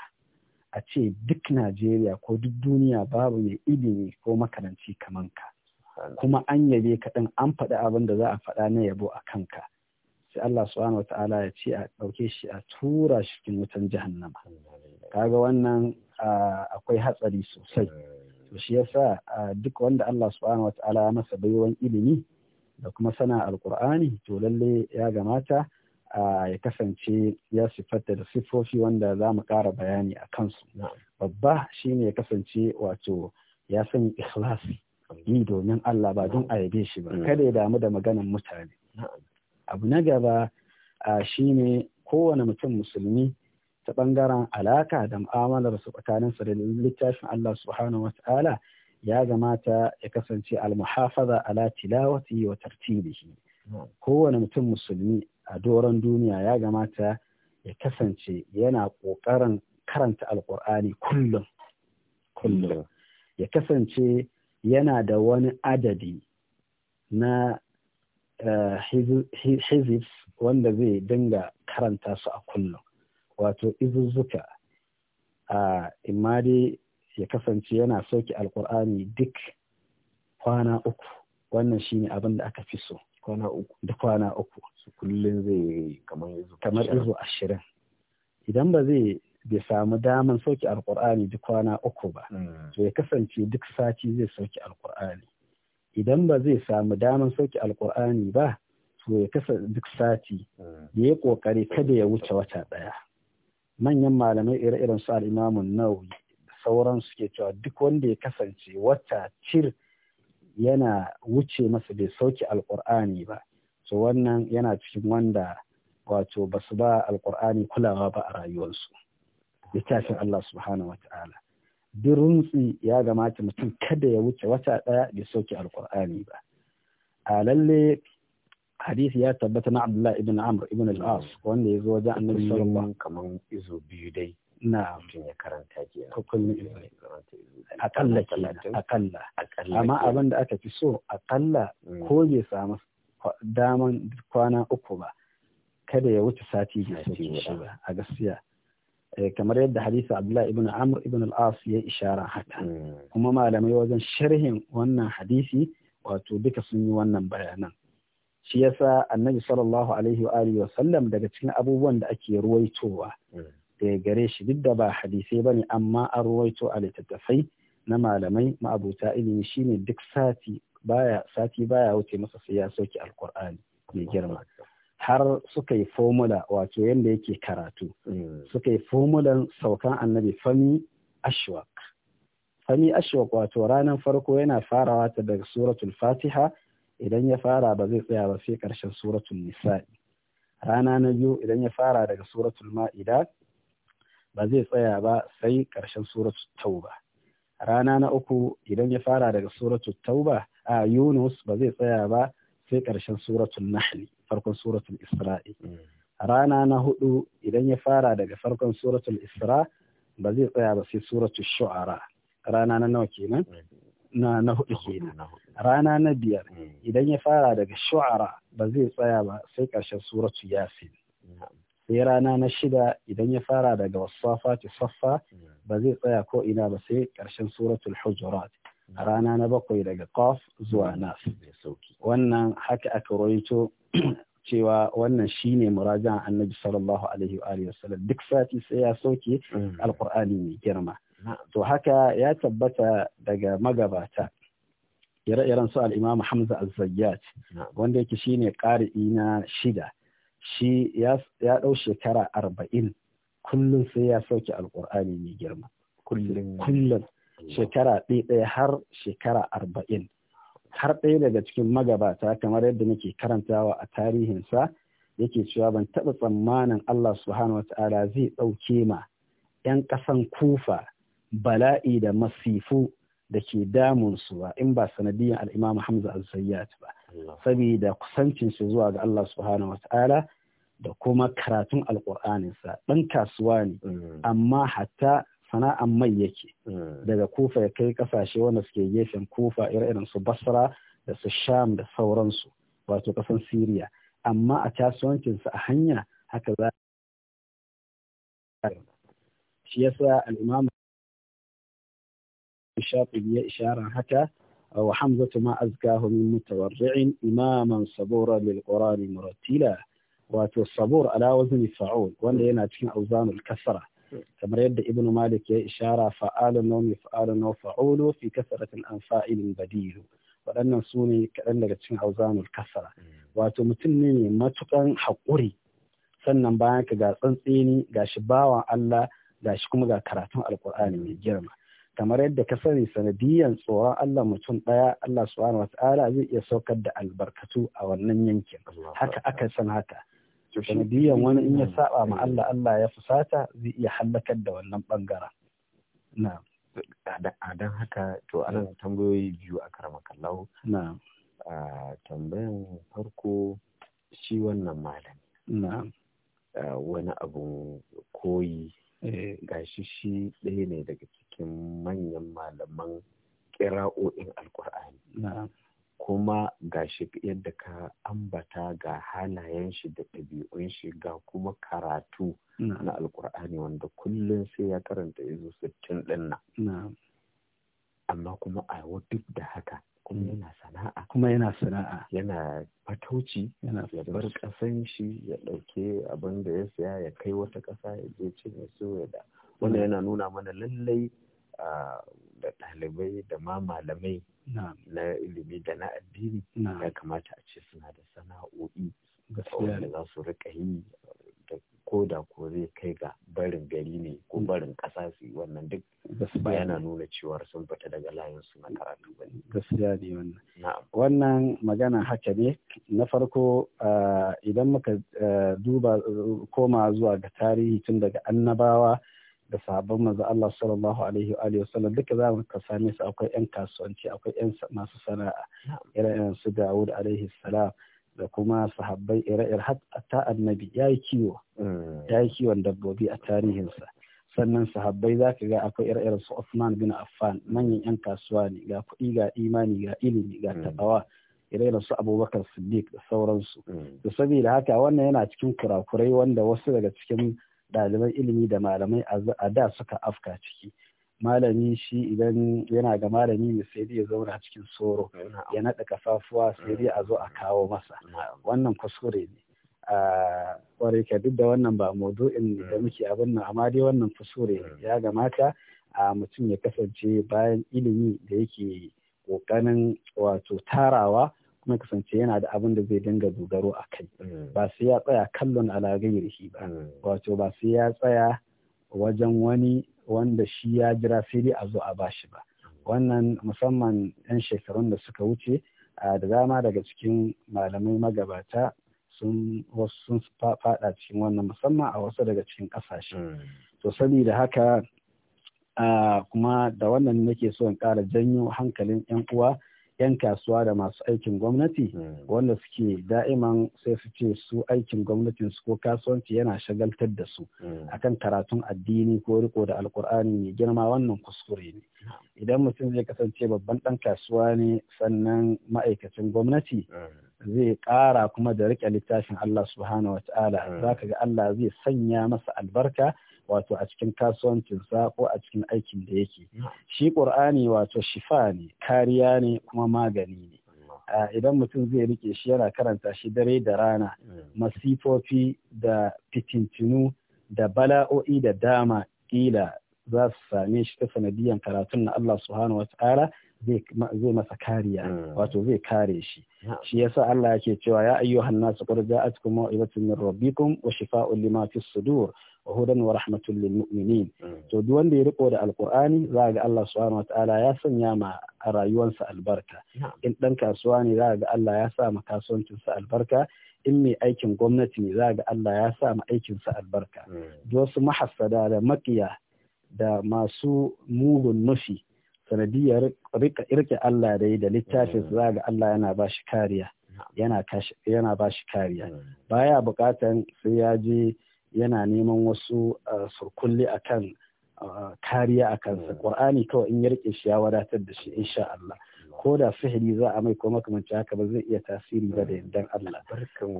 a ce duk Najeriya ko duk duniya babu mai ilimi ko makaranci kaman ka kuma an yabe ka ɗin an faɗi abin da za a faɗa na yabo a kanka sai Allah subhanahu wata'ala ya ce a ɗauke shi a tura shi cikin wutan jahannama kaga wannan akwai hatsari sosai eh. to shi yasa duk wanda Allah subhanahu ta'ala ya masa baiwan ilimi da kuma sana alkur'ani to lalle ya gamata ya kasance ya sifatta da siffofi wanda za mu ƙara bayani a kansu babba shine ya kasance wato ya san ikhlasi Ni domin Allah ba don a yabe shi ba kada ya damu da maganan mutane abu na gaba shine kowane mutum musulmi ta ɓangaren alaka da mu'amalar su tsakanin su da littafin Allah subhanahu wa ta'ala ya gamata ya kasance almuhafaza ala tilawati wa tartibihi hmm. kowane mutum musulmi a doron duniya ya gamata ya kasance yana ƙoƙarin karanta alƙur'ani kullum kullum hmm. ya kasance yana da wani adadi na eh, hizif wanda zai dinga karanta su a kullum wato izuzzuka a imma dai ya kasance yana sauki alkur'ani duk kwana uku wannan shi ne abin da aka fi so kwana uku da kwana uku su kullum zai kamar izu kamar izu ashirin idan ba zai bai samu daman sauki alkur'ani duk kwana uku ba hmm. to ya kasance duk sati zai sauki alkur'ani idan ba zai samu daman sauki alkur'ani ba to ya kasance duk sati Da hmm. ya kokare kada ya wuce wata daya manyan malamai ire-iren su al'imamun nawawi sauran suke cewa duk wanda ya kasance wata cir yana wuce masa bai sauke alkur'ani ba so wannan yana cikin wanda wato ba su ba alkur'ani kulawa ba a rayuwarsu littafin Allah subhanahu wata'ala duk runtsi ya gamata mutum kada ya wuce wata ɗaya bai sauke alkur'ani ba a lalle hadisi ya tabbata na Abdullah ibn Amr ibn al-As mm. wanda ya zo wajen Annabi sallallahu alaihi kaman izo biyu dai na mutum ya karanta ke ko kullum izo ne akalla akalla amma abin da aka fi so akalla mm. ko bai samu daman kwana uku ba kada ya wuce sati bai sauke shi ba a gaskiya eh, kamar yadda hadisi Abdullah ibn Amr ibn al-As ya ishara haka mm. kuma malamai wajen sharhin wannan hadisi wato duka sun yi wannan bayanan shi yasa annabi sallallahu alaihi wa alihi wasallam daga cikin abubuwan da ake ruwaitowa daga gare shi duk da ba hadisai bane amma an ruwaito a littattafai na malamai ma'abuta ilimi shine duk sati baya sati baya wuce masa sai ya soki alkur'ani mai girma har suka yi formula wato yadda yake karatu suka yi formulan saukan annabi fami ashwak fami ashwak wato ranar farko yana farawa ta daga suratul fatiha idan ya fara ba zai tsaya ba sai ƙarshen suratul nisa'i rana na biyu idan ya fara daga suratul ma'ida ba zai tsaya ba sai ƙarshen suratul tauba rana na uku idan ya fara daga suratul tauba a yunus ba zai tsaya ba sai ƙarshen suratul nahli farkon suratul isra'i rana na hudu idan ya fara daga farkon suratul isra ba zai tsaya ba sai suratul shu'ara rana na nawa kenan na na hudu kenan rana na biyar hmm. idan ya fara daga shu'ara ba zai tsaya ba sai ƙarshen suratu yasin sai rana na shida idan ya fara daga wasafati saffa hmm. ba zai tsaya ko ina ba sai ƙarshen suratul hujurat rana na bakwai daga qaf zuwa hmm. nas wannan haka aka roito cewa wannan shine murajan annabi sallallahu alaihi wa duk sati sai ya soke alqur'ani mai girma to haka ya tabbata daga magabata ire-iren su al'imamu hamza azzayyat wanda yake shi ne ƙari'i na shida shi ya ɗau shekara arba'in kullum sai ya sauke alƙur'ani mai girma kullum shekara ɗaya har shekara arba'in har ɗaya daga cikin magabata kamar yadda nake karantawa a tarihinsa yake cewa ban taɓa tsammanin Allah subhanahu wa ta'ala zai ɗauke ma 'yan ƙasan kufa bala'i da masifu da ke damun su ba in ba sanadiyan alimam Hamza al zayyat ba saboda kusancin shi zuwa ga Allah subhanahu wata'ala da kuma karatun alƙur'anin sa dan kasuwa ne mm. amma hatta sana'an mai yake mm. daga kufa ya kai kasashe wanda suke gefen kufa irin su basra da su sham da sauransu wato kasan siriya amma a kasuwancinsa a hanya haka za shi yasa al'imam الشاطبي إشارة هكا وحمزة ما أزكاه من متورع إماما صبورا للقرآن مرتلا wato sabur ala wazni fa'ul wanda yana cikin auzanul kasra kamar yadda ibnu malik ya ishara fa'alun naw mif'alun naw fa'ulu fi kasratin an fa'ilin badilu waɗannan su ne kaɗan daga cikin auzanul kasra wato mutum ne mai matukan haƙuri sannan bayan ka ga ga shi bawan Allah shi kuma ga karatun alkur'ani mai girma kamar yadda ka sani sanadiyan tsoron Allah mutum ɗaya Allah subhanahu wata'ala zai iya saukar da albarkatu a wannan yankin haka aka san haka sanadiyan wani in ya saba ma eh. Allah Allah ya fusata zai iya halakar da wannan bangaren na'am dan haka to ana tambayoyi biyu a karama kallahu a tambayan farko shi wannan malami na wani abun koyi Eh, gashi shi ɗaya ne daga cikin manyan malaman ƙira'o'in alkur'ani kuma gashi yadda ka ambata ga halayen shi da ɗabi'un shi ga kuma karatu na Alƙur'ani wanda kullum sai ya karanta izu sittin ɗin nan amma kuma a duk da haka kuma mm. yana sa sana'a kuma yana sana'a yana fatauci yana ya bar kasan shi ya dauke abin da ya saya ya kai wata kasa ya je cin ya so ya da wannan yana nuna mana lallai da ɗalibai da ma malamai na ilimi da na addini ya kamata a ce suna da sana'o'i da za su rika yi ko da ko zai kai ga barin gari ne ko mm. barin kasa su wannan duk gaskiya yana nuna cewa sun fita daga layin su na karatu ba gaskiya ne wannan wannan magana haka ne na farko ah, idan muka ah, duba koma zuwa ga tarihi tun daga annabawa da sabon manzo Allah sallallahu alaihi wa alihi wasallam duka za mu ka same su akwai yan kasuwanci akwai yan masu sana'a irin su Dawud alaihi salam da kuma sahabbai ire-ire hatta annabi yayi kiwo mm. yayi kiwon dabbobi a tarihinsa sannan sahabbai za ka ga akwai ire su usman bin Affan manyan 'yan kasuwa ne ga kuɗi ga imani ga ilimi ga mm. taɓawa ire su Abubakar Siddiq da sauransu da mm. saboda haka wannan yana cikin kurakurai wanda wasu daga cikin ɗaliban ilimi da malamai a da suka afka ciki malami shi idan yana ga malami ne sai ya zauna cikin soro ya naɗa kafafuwa sai mm. dai a zo a kawo masa wannan kuskure ne kwarai ka duk da wannan ba maudu'in da mm. muke abin nan amma dai wannan fusure mm. ya gamata a mutum ya kasance bayan ilimi da yake kokarin wato tarawa kuma kasance yana da abin da zai dinga dogaro a kai mm. ba sai ya tsaya kallon shi ba wato ba sai ya tsaya wajen wani wanda shi ya jira sai dai a zo a bashi ba wannan musamman 'yan shekarun da suka wuce da dama daga cikin malamai magabata sun wasu sun faɗa cikin wannan musamman a wasu daga cikin ƙasashe hmm. to saboda haka ah, kuma da wannan nake so in ƙara janyo hankalin 'yan uwa 'yan kasuwa da masu aikin gwamnati hmm. wanda suke da'iman sai su ce su aikin gwamnatin su ko kasuwanci yana shagaltar da su hmm. akan karatun addini ko riko da alkur'ani mai girma wannan kuskure ne idan mutum zai kasance babban ɗan kasuwa ne sannan ma'aikacin gwamnati hmm. zai ƙara kuma da riƙe littafin Allah subhanahu wa ta'ala za ga Allah zai sanya masa albarka wato a cikin kasuwancinsa ko a cikin aikin da yake hmm. shi ƙur'ani wato shifa ne kariya ne kuma magani ne hmm. ah, idan mutum zai rike shi yana karanta shi dare da rana hmm. masifofi da fitintinu da bala'o'i da dama ƙila za su same shi ta sanadiyan karatun na Allah subhanahu wata'ala zai masa kariya hmm. wato zai kare shi hmm. shi yasa Allah yake cewa ya ayyuhan nasu qad ja'atkum maw'idatun min rabbikum wa shifaa'un lima fis sudur wa hudan wa rahmatun lil mu'minin hmm. to duk wanda ya riko da alqur'ani za ga Allah subhanahu wataala ya sanya ma rayuwarsa albarka in dan kasuwa ne za ga Allah ya sa ma kasuwancinsa albarka in mai aikin gwamnati ne za ga Allah ya sa ma aikinsa albarka duk wasu mahassada da makiya da masu mugun nufi sanadiyar rike Allah da yi da littafin za ga Allah yana ba shi kariya yana ba shi kariya baya bukatan sai ya je yana neman wasu ah, surkulli akan ah, kariya a kansa ƙur'ani kawai in ya shi ya wadatar da shi insha Allah ko da sihiri za a mai ko makamanci haka ba zai iya tasiri ba da yardan Allah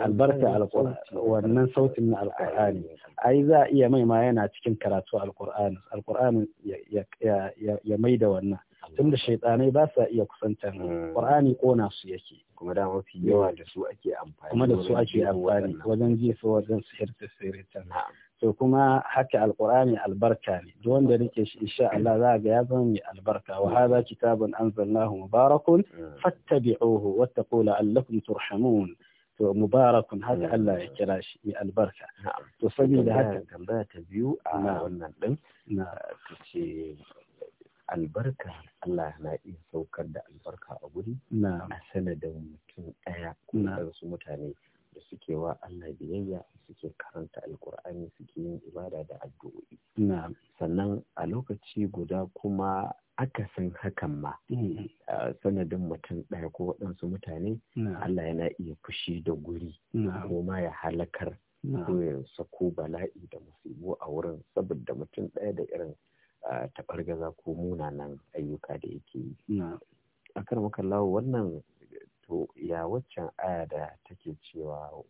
albarka Alƙur'ani, wannan sautin na alƙur'ani ai za a iya mai ma yana cikin karatu Alƙur'ani. Alƙur'ani ya mai da wannan da shaitanai ba sa iya kusantar ƙur'ani hmm. kona su yake kuma da mafi yawa da su ake amfani kuma da su ake amfani wajen jefa wajen sihir da sihirta to kuma haka alqur'ani albarka ne duk wanda nake shi insha Allah za ga ya zama mai albarka wa hadha kitabun anzalnahu mubarakun fattabi'uhu wattaqu la'allakum turhamun to mubarakun haka hmm. Allah ya kira shi mai albarka to saboda haka tambaya ta biyu a wannan din na eh, albarka Allah na iya saukar da albarka a guri a sanadin mutum ɗaya ko wasu mutane da suke wa Allah biyayya suke karanta alkur'ani suke yin ibada da addu'o'i sannan a lokaci guda kuma aka san hakan ma mm-hmm. sanadin mutum ɗaya ko waɗansu mutane Allah yana iya fushi da guri ko ma ya halakar ko ya sako bala'i da musibu a wurin saboda mutum ɗaya da irin taɓargaza ko munanan ayyuka da yake yi. Akar wannan to ya waccan aya da take cewa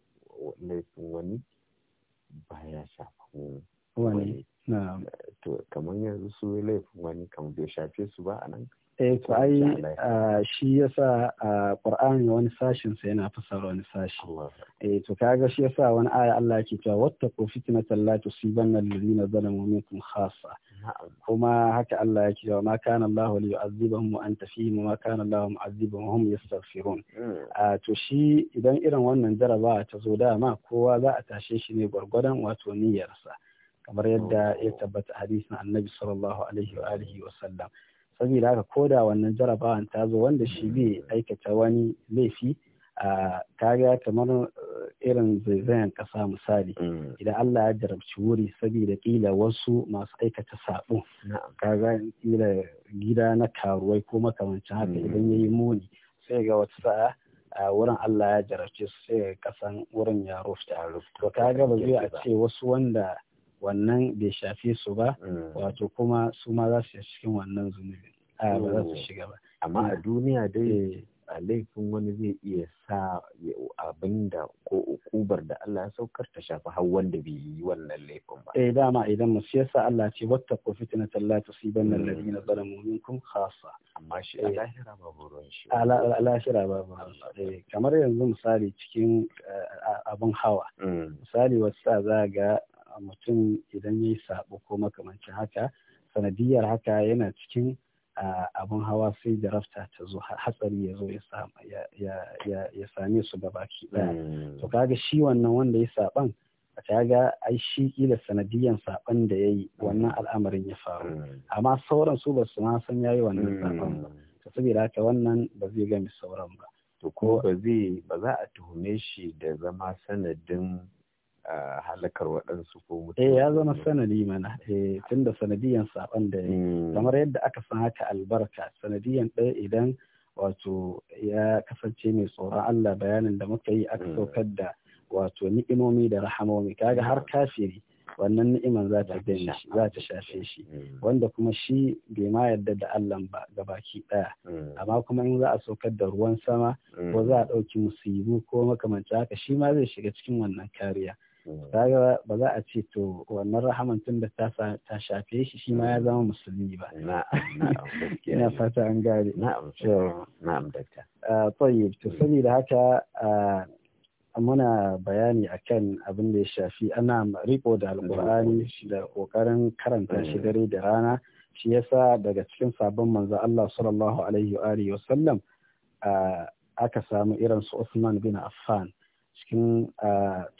laifin wani baya shafan wani to kamar yanzu su laifin wani kamar bai shafe su ba a nan eh to ai shi yasa qur'ani wani sashin sa yana fasara wani sashi eh to kaga shi yasa wani aya Allah yake cewa wattaqu fitnatan la tusibanna alladhina zalamu minkum khassa kuma haka Allah yake cewa ma kana Allah li yu'azzibahum wa anta fihim ma kana Allah mu'azzibahum ya hum yastaghfirun hmm. to shi idan irin wannan jarabawa ta zo dama kowa za a tashe shi ne gwargwadon wato niyyarsa kamar yadda ya tabbata hadisin annabi sallallahu alaihi wa wa sallam saboda haka ko da wannan jarabawan ta zo wanda shi bai aikata wani laifi a kariya kamar eh, irin zaizayen kasa misali mm. idan Allah ya jarabci wuri saboda kila wasu masu aikata sabo kaga kila gida na karuwai ko makamancin haka mm. idan ya yi muni sai ga wata sa'a a wurin Allah ya jarabci su sai ga kasan wurin ya rufta to kaga ba zai a ce wasu wanda wannan bai shafe su ba mm. wato kuma su ma za su cikin wannan zunubin a ba za su shiga ba amma a mm. duniya dai eh. a laifin wani zai iya sa abin da ko ukubar da Allah ya saukar ta shafi har wanda bai yi wannan laifin ba. Eh dama idan mu sa Allah ce wata ko fitina talla ta si ban nan ladin na mm. zalamu minkum khassa. Amma shi eh. a lahira ba burin shi. A lahira ba burin eh, Kamar yanzu misali cikin abin hawa. Misali wasu za ga mutum idan ya yi sabo ko makamancin haka sanadiyar haka yana cikin abun hawa sai da rafta ta zo hatsari ya zo ya same su hmm. ga baki ɗaya. to kaga shi wannan wanda ya saban ta ga ai shi kila sanadiyan saban da ya yi wannan al'amarin ya faru hmm. amma sauran su ba su ma san yayi wannan saban ba hmm. to saboda haka wannan ba zai gami sauran ba to ko ba zai ba za a tuhume shi da zama sanadin halakar waɗansu ko mutum. Eh ya zama sanadi mana eh tun da sanadiyan saban da mm. kamar yadda aka san haka albarka sanadiyan ɗaya idan wato ya kasance mai tsoron Allah bayanin da muka yi aka mm. saukar da wato ni'imomi da rahamomi kaga har mm. kafiri wannan ni'iman za ta bin shi za ta shafe shi wanda kuma shi bai ma yarda da Allah ba ga baki ɗaya. amma kuma in za a saukar da ruwan sama ko za a ɗauki musibu ko makamanci haka shi ma zai shiga cikin wannan kariya kaga ba za a ce to wannan rahaman tun da ta shafe shi shi ma ya mm. zama musulmi ba ina fata an gane na'am na'am dakta ah, tayyib saboda haka ah, muna bayani akan abin da ya shafi ana riko da alkur'ani da kokarin karanta shi mm. dare da rana shi yasa daga cikin sabon manzo Allah sallallahu alaihi wa Sallam ah, aka samu irin su Usman bin Affan cikin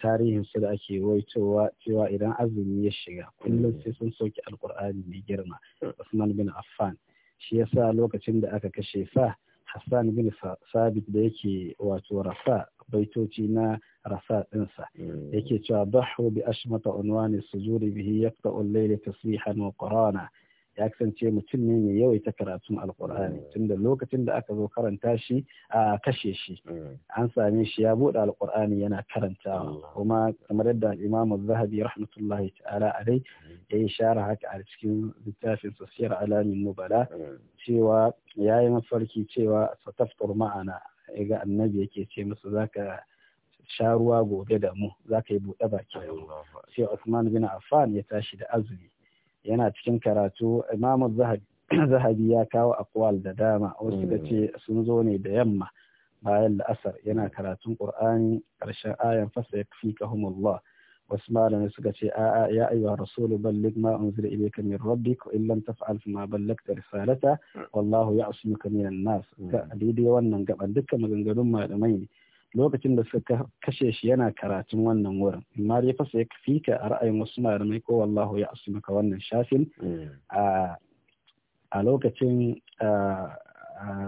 tarihin su da ake waitowa cewa idan azumi ya shiga kullum sai sun soke alkur'ani mai girma Usman bin Affan shi yasa lokacin da aka kashe sa Hassan bin Sabit da yake wato rasa baitoci na rasa ɗinsa hmm. yake cewa bahu bi ashmata unwani sujuri bihi yaqta'u al-layla tasbihan wa qurana ya kasance mutum ne mai yawaita karatun alkur'ani mm. tunda lokacin da aka zo karanta shi a kashe shi mm. an same shi ya buɗe alkur'ani yana karantawa. Mm. kuma kamar yadda imamu zahabi rahmatullahi ta'ala alai ya yi shara haka a cikin littafin sosiyar alamin mubala cewa ya yi mafarki cewa sataftur ma'ana ga annabi yake ce musu zaka sha ruwa gobe da mu zaka yi buɗe baki sai Usman bin Affan ya tashi da azumi yana cikin karatu imamu zahabi ya kawo akwal da dama wasu suka ce hmm. sun zo ne da yamma bayan la'asar yana karatun ƙur'ani ƙarshen ayan fasa ya fi kahumullah wasu malamai suka ce a'a ya ayyuha rasulu ballig ma unzila ilayka min rabbik wa in lam taf'al fa ma ballagta risalata hmm. wallahu ya'simuka minan nas hmm. ka daidai wannan gaban dukkan maganganun malamai ne lokacin da suka kashe shi yana karatun wannan wurin amma dai fasa ya fi ka a ra'ayin wasu malamai ko wallahu ya asu ka wannan shafin mm. a lokacin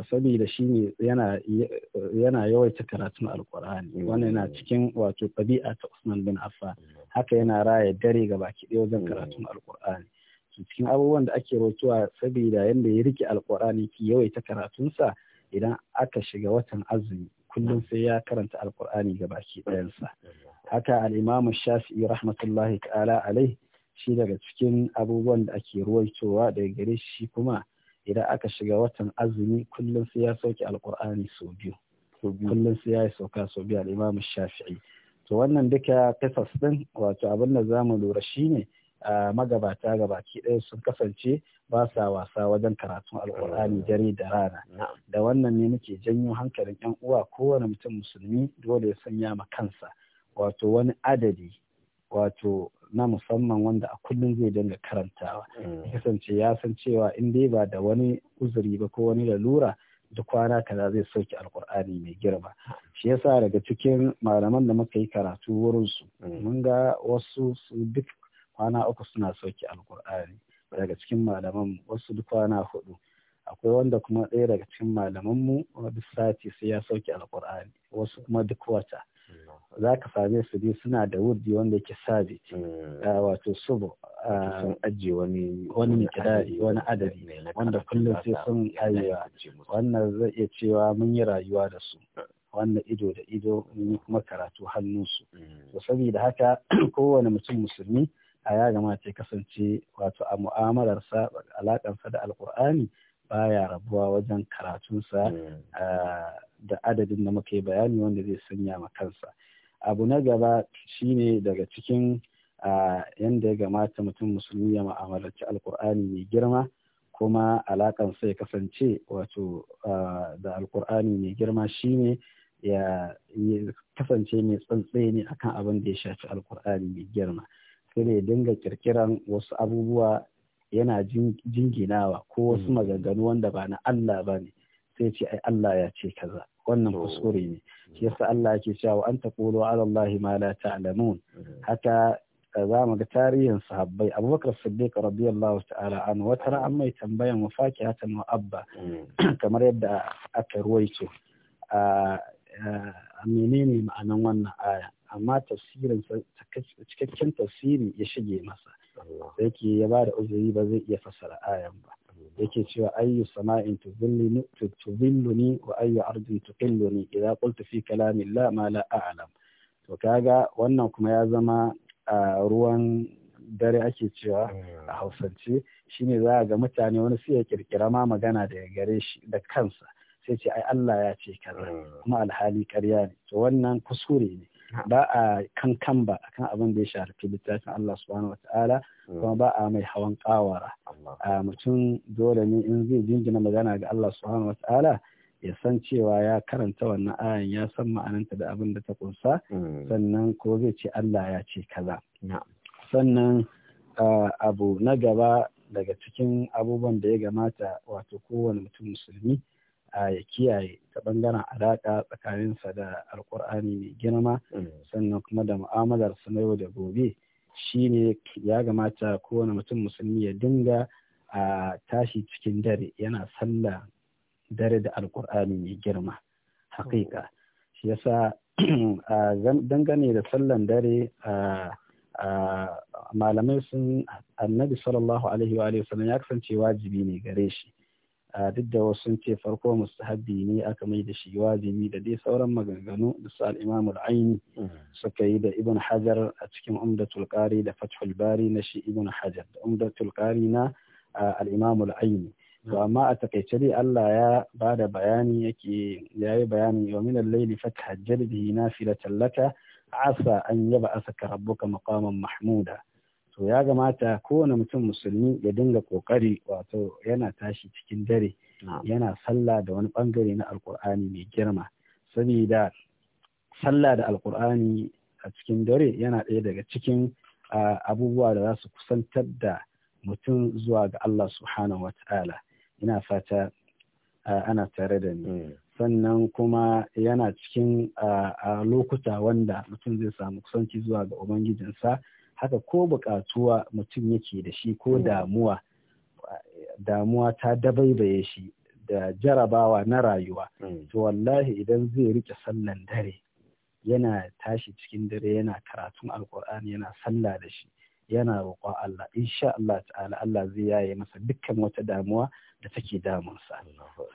saboda shi ne yana yawaita karatun alkur'ani mm. wannan yana cikin wato ɗabi'a ta usman bin affa haka yana raya dare ga baki ɗaya wajen mm. karatun alkur'ani cikin abubuwan da ake rotuwa saboda yadda ya rike alkur'ani ki yawaita karatunsa idan aka shiga watan azumi kullum sai ya karanta alkur'ani ga baki ɗayansa haka al'imamu shafi'i rahmatullahi ta'ala alai shi daga cikin abubuwan da ake ruwaitowa daga gare shi kuma idan aka shiga watan azumi kullum sai ya sauke alkur'ani sau biyu kullum sai ya yi sauka sau biyu al'imamu shafi'i to wannan duka kasas din wato abin da mu lura shine magabata gabaki ɗaya sun kasance ba sa wasa wajen karatun alkur'ani mm. dare da rana da wannan ne muke janyo hankalin yan uwa kowane mutum musulmi dole ya sanya ma kansa wato wani adadi wato na musamman wanda a kullum zai dinga karantawa mm. kasance ya san cewa in dai ba da wani uzuri ba ko wani lalura da kwana kaza zai sauke alkur'ani mai girma shi yasa daga cikin malaman da muka yi karatu wurin su mm. mun ga wasu su duk kwana uku suna sauke alkur'ani daga cikin malaman wasu duk kwana hudu akwai wanda kuma ɗaya daga cikin malamanmu duk sati sai ya sauke alkur'ani wasu kuma duk wata za ka same su biyu suna da wurdi wanda yake sabit hmm. ah, wato subo ah, ajiye wani wani wani adadi wanda kullum sai sun ayyawa wannan zai iya cewa mun yi rayuwa da su wannan ido da ido mun yi kuma karatu hannunsu hmm. to saboda haka kowane mutum musulmi a ya gama ce kasance wato a mu'amalarsa alaƙarsa da alƙur'ani baya rabuwa wajen karatunsa hmm. da adadin da muka yi bayani wanda zai sanya ma kansa abu na gaba shine daga cikin yadda ya gamata mutum musulmi ya mu'amalarci alkur'ani mai girma kuma alakansa ya kasance wato da alkur'ani mai girma shine ya kasance mai tsantsaye ne akan abin da ya shafi alkur'ani mai girma sai ne dinga kirkiran wasu abubuwa yana jinginawa ko wasu hmm. maganganu wanda ba na Allah ba ne sai ce ai Allah ya ce kaza wannan kuskure ne hmm. shi yasa Allah yake cewa an qulu ala Allah ma la ta'lamun hmm. haka eh, za mu ga tarihin sahabbai abubakar siddiq radiyallahu ta'ala an wata tara mai tambayan mafakihatan wa abba kamar yadda aka ruwaito ah, eh, menene ma'anan wannan aya amma tafsirin cikakken tafsiri ya shige masa sai ke ya da uzuri ba zai iya fasara ayan ba yake cewa ayyu sama'in ni, wa ayyu ardi ni idza qultu fi kalami la ma la a'lam to kaga wannan kuma ya zama ruwan dare ake cewa a hausance shine za ga mutane wani sai ya kirkira ma magana daga gare shi da kansa sai ce ai Allah ya ce kaza hmm. kuma alhali ƙarya ne to wannan kuskure ne ba a kankan ba kan abin da ya shafi littafin Allah subhanahu wataala mm. kuma ba a mai hawan kawara mutum dole ne in zai jinjina magana ga Allah subhanahu wataala ya san cewa ya karanta wannan ayan ya san ma'ananta da abin da ta kunsa mm. sannan ko zai ce Allah ya ce kaza sannan abu na gaba daga cikin abubuwan da ya gamata wato kowane mutum musulmi ya kiyaye ta bangaren alaƙa tsakaninsa da Alƙur'ani mai girma mm. sannan kuma da su na yau da gobe shine ya gamata kowane mutum musulmi ya dinga a tashi cikin dare yana sallah dare da alkur'ani mai girma haƙiƙa oh. shi yasa dangane da sallan dare malamai sun annabi sallallahu alaihi wa sallam ya kasance wajibi ne gare shi duk da wasu ce farko mustahabbi ne aka mai da shi wajibi da dai sauran maganganu da su al-imam aini suka yi da ibn hajar a cikin umdatul qari da fathul bari na shi ibn hajar da umdatul qari na al-imam aini to amma a takaice dai Allah ya ba da bayani yake yi bayani wa min al-layli fathajjal bihi nafilatan laka asa an yaba asaka rabbuka maqaman mahmuda to ya gamata kowane mutum musulmi ya dinga kokari wato yana tashi cikin dare yana sallah da wani bangare na alkur'ani mai girma saboda sallah da alkur'ani a cikin dare yana ɗaya daga cikin abubuwa da za su kusantar da mutum zuwa ga Allah subhanahu wata'ala ina fata ana tare da ni mm. sannan kuma yana cikin lokuta wanda mutum zai samu kusanci zuwa ga ubangijinsa haka ko buƙatuwa mutum yake da shi ko hmm. damuwa damuwa ta dabaibaye shi da jarabawa na rayuwa hmm. to wallahi idan zai rike sallan dare yana tashi cikin dare yana karatun alkur'ani yana sallah da shi yana roƙon Allah insha Allah ta'ala Allah zai yaye masa dukkan wata damuwa da take damunsa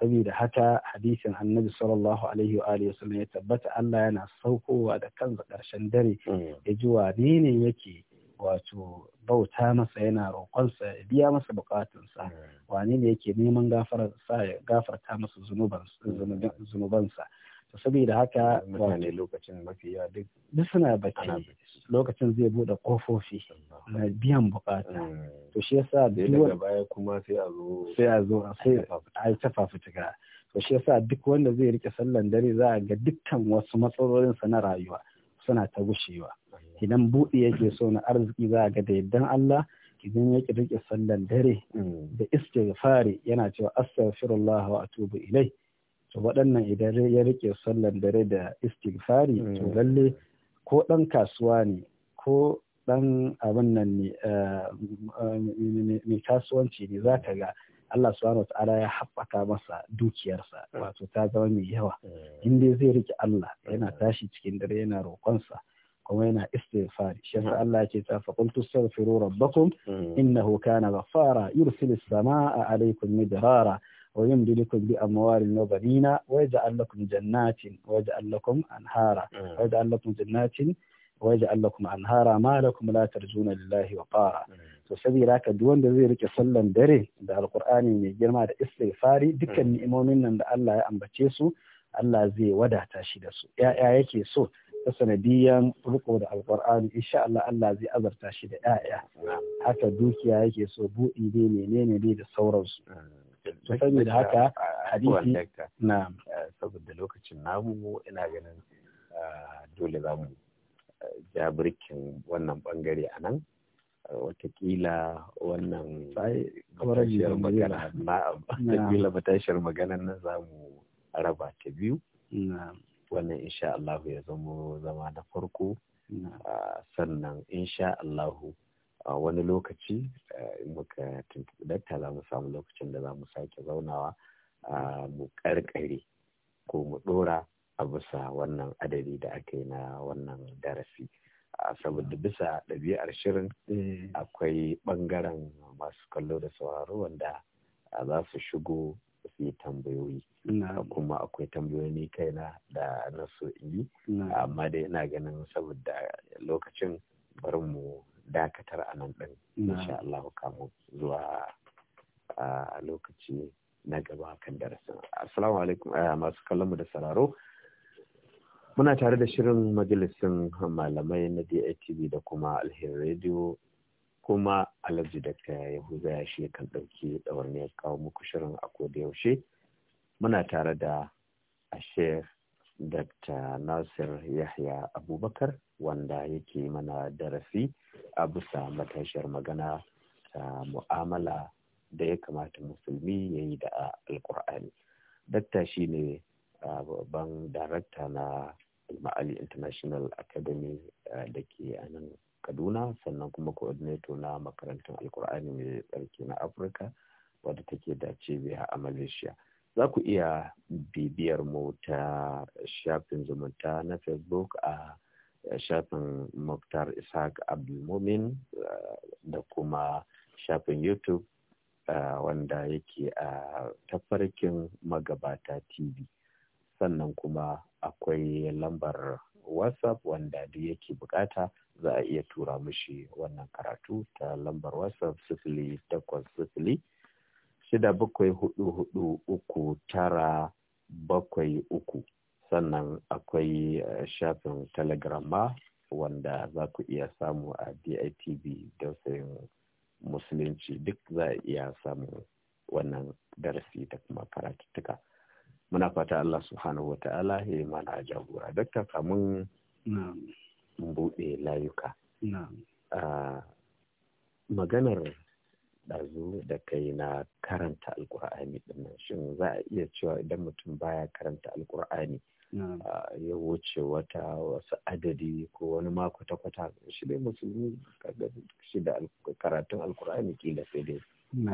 saboda haka hadisin annabi sallallahu alaihi wa alihi wasallam ya tabbata Allah yana saukowa da kansa ƙarshen dare hmm. ya ji wane ne yake wato bauta masa yana roƙonsa ya biya masa buƙatunsa wane ne yake neman gafarta masa zunubansa to saboda haka mutane lokacin mafi yawa duk suna baki lokacin zai bude kofofi na biyan bukata to shi yasa daga baya kuma sai a zo sai a zo sai a ta fafutuka to shi yasa duk wanda zai rike sallan dare za a ga dukkan wasu matsalolinsa na rayuwa suna ta gushewa idan buɗe yake so na arziki za a ga da yaddan Allah idan yake rike sallan dare mm, da istighfari yana cewa astaghfirullah wa atubu ilai to waɗannan idan ya rike sallan dare da istighfari mm. to lalle ko ɗan kasuwa ne ko ɗan abin nan ne eh, mm, mai kasuwanci ne za ka ga Allah subhanahu wa ta'ala ya haɓaka masa dukiyarsa wato ta zama mai yawa in dai zai riƙe Allah yana tashi cikin dare yana roƙonsa kuma yana istighfari shi yasa Allah yake ta fa qul rabbakum hmm. innahu kana ghaffara yursilis samaa alaykum midrara wa yumdidukum bi amwalin wa banina wa yaj'al lakum jannatin wa yaj'al lakum anhara hmm. wa yaj'al lakum jannatin wa yaj'al lakum anhara ma lakum la tarjuna lillahi wa qara hmm. to saboda haka duk wanda zai rike sallan dare da alqur'ani mai girma da istighfari dukkan ni'imomin nan da Allah ya ambace su Allah zai wadata shi da su ya'ya yake so ta sanadiyan riko da alkur'ani insha Allah Allah zai azarta shi da 'ya'ya haka dukiya yake so buɗi ne menene ne da sauransu to mm. da haka ah, hadisi na eh, saboda lokacin namu ina ganin ah, dole za mu eh, ja birkin wannan bangare a nan eh, watakila wannan matashiyar magana na matashiyar maganar nan za mu raba ta biyu wannan insha Allah ya zama zama na farko ah, sannan insha Allah ah, wani lokaci ah, muka tuntuɓi dakta za mu samu lokacin da za mu sake zaunawa mu karkare ko mu ɗora a bisa wannan adadi da aka yi na wannan darasi saboda bisa ɗabi'ar shirin eh. akwai ɓangaren masu kallo da sauraro wanda za su shigo su yi tambayoyi kuma akwai tambayoyi kaina da na so yi amma dai ina ganin saboda lokacin bari mu dakatar a nan ɗin insha Allah kamo zuwa a lokaci na gaba kan darasin assalamu alaikum eh, masu kallon mu da sararo muna tare da shirin majalisin malamai na DATV da kuma alheri radio kuma alhaji dakta yahuza ya shi kan ɗauki ɗawainiyar kawo muku shirin a da yaushe muna tare da ashef Dr. Nasir Yahya Abubakar wanda yake mana darasi a bisa matashiyar magana ta mu'amala da ya kamata musulmi ya yi da alkur'ani. Dakta shi ne babban darakta na Ma'ali International Academy da ke a nan kaduna sannan kuma coordinator na makarantar alkur'ani mai tsarki na afirka wadda take da cibiya a malaysia za ku iya bibiyar mu ta shafin zumunta na facebook a shafin muktar ishaq abdulmumin eh, da kuma shafin youtube eh, wanda yake a tafarkin magabata tv sannan kuma akwai lambar whatsapp wanda duk yake bukata za a iya tura mishi wannan karatu ta lambar whatsapp sifili takwas sifili shida bakwai hudu hudu uku tara bakwai uku sannan akwai eh, shafin telegram ma wanda za ku iya samu a DITV don sayin musulunci duk za a iya samu wannan darasi da kuma karatuttuka. Muna fata Allah subhanahu wa ta'ala ya yi mana jagora. Dakta kamun in buɗe layuka maganar ɗazu da kai na karanta alkur'ani ɗinnan shin za a iya cewa idan mutum baya karanta Alƙur'ani ya wuce wata wasu adadi ko wani mako ta kwata shi dai musulmi shi da karatun alkur'ani kila sai dai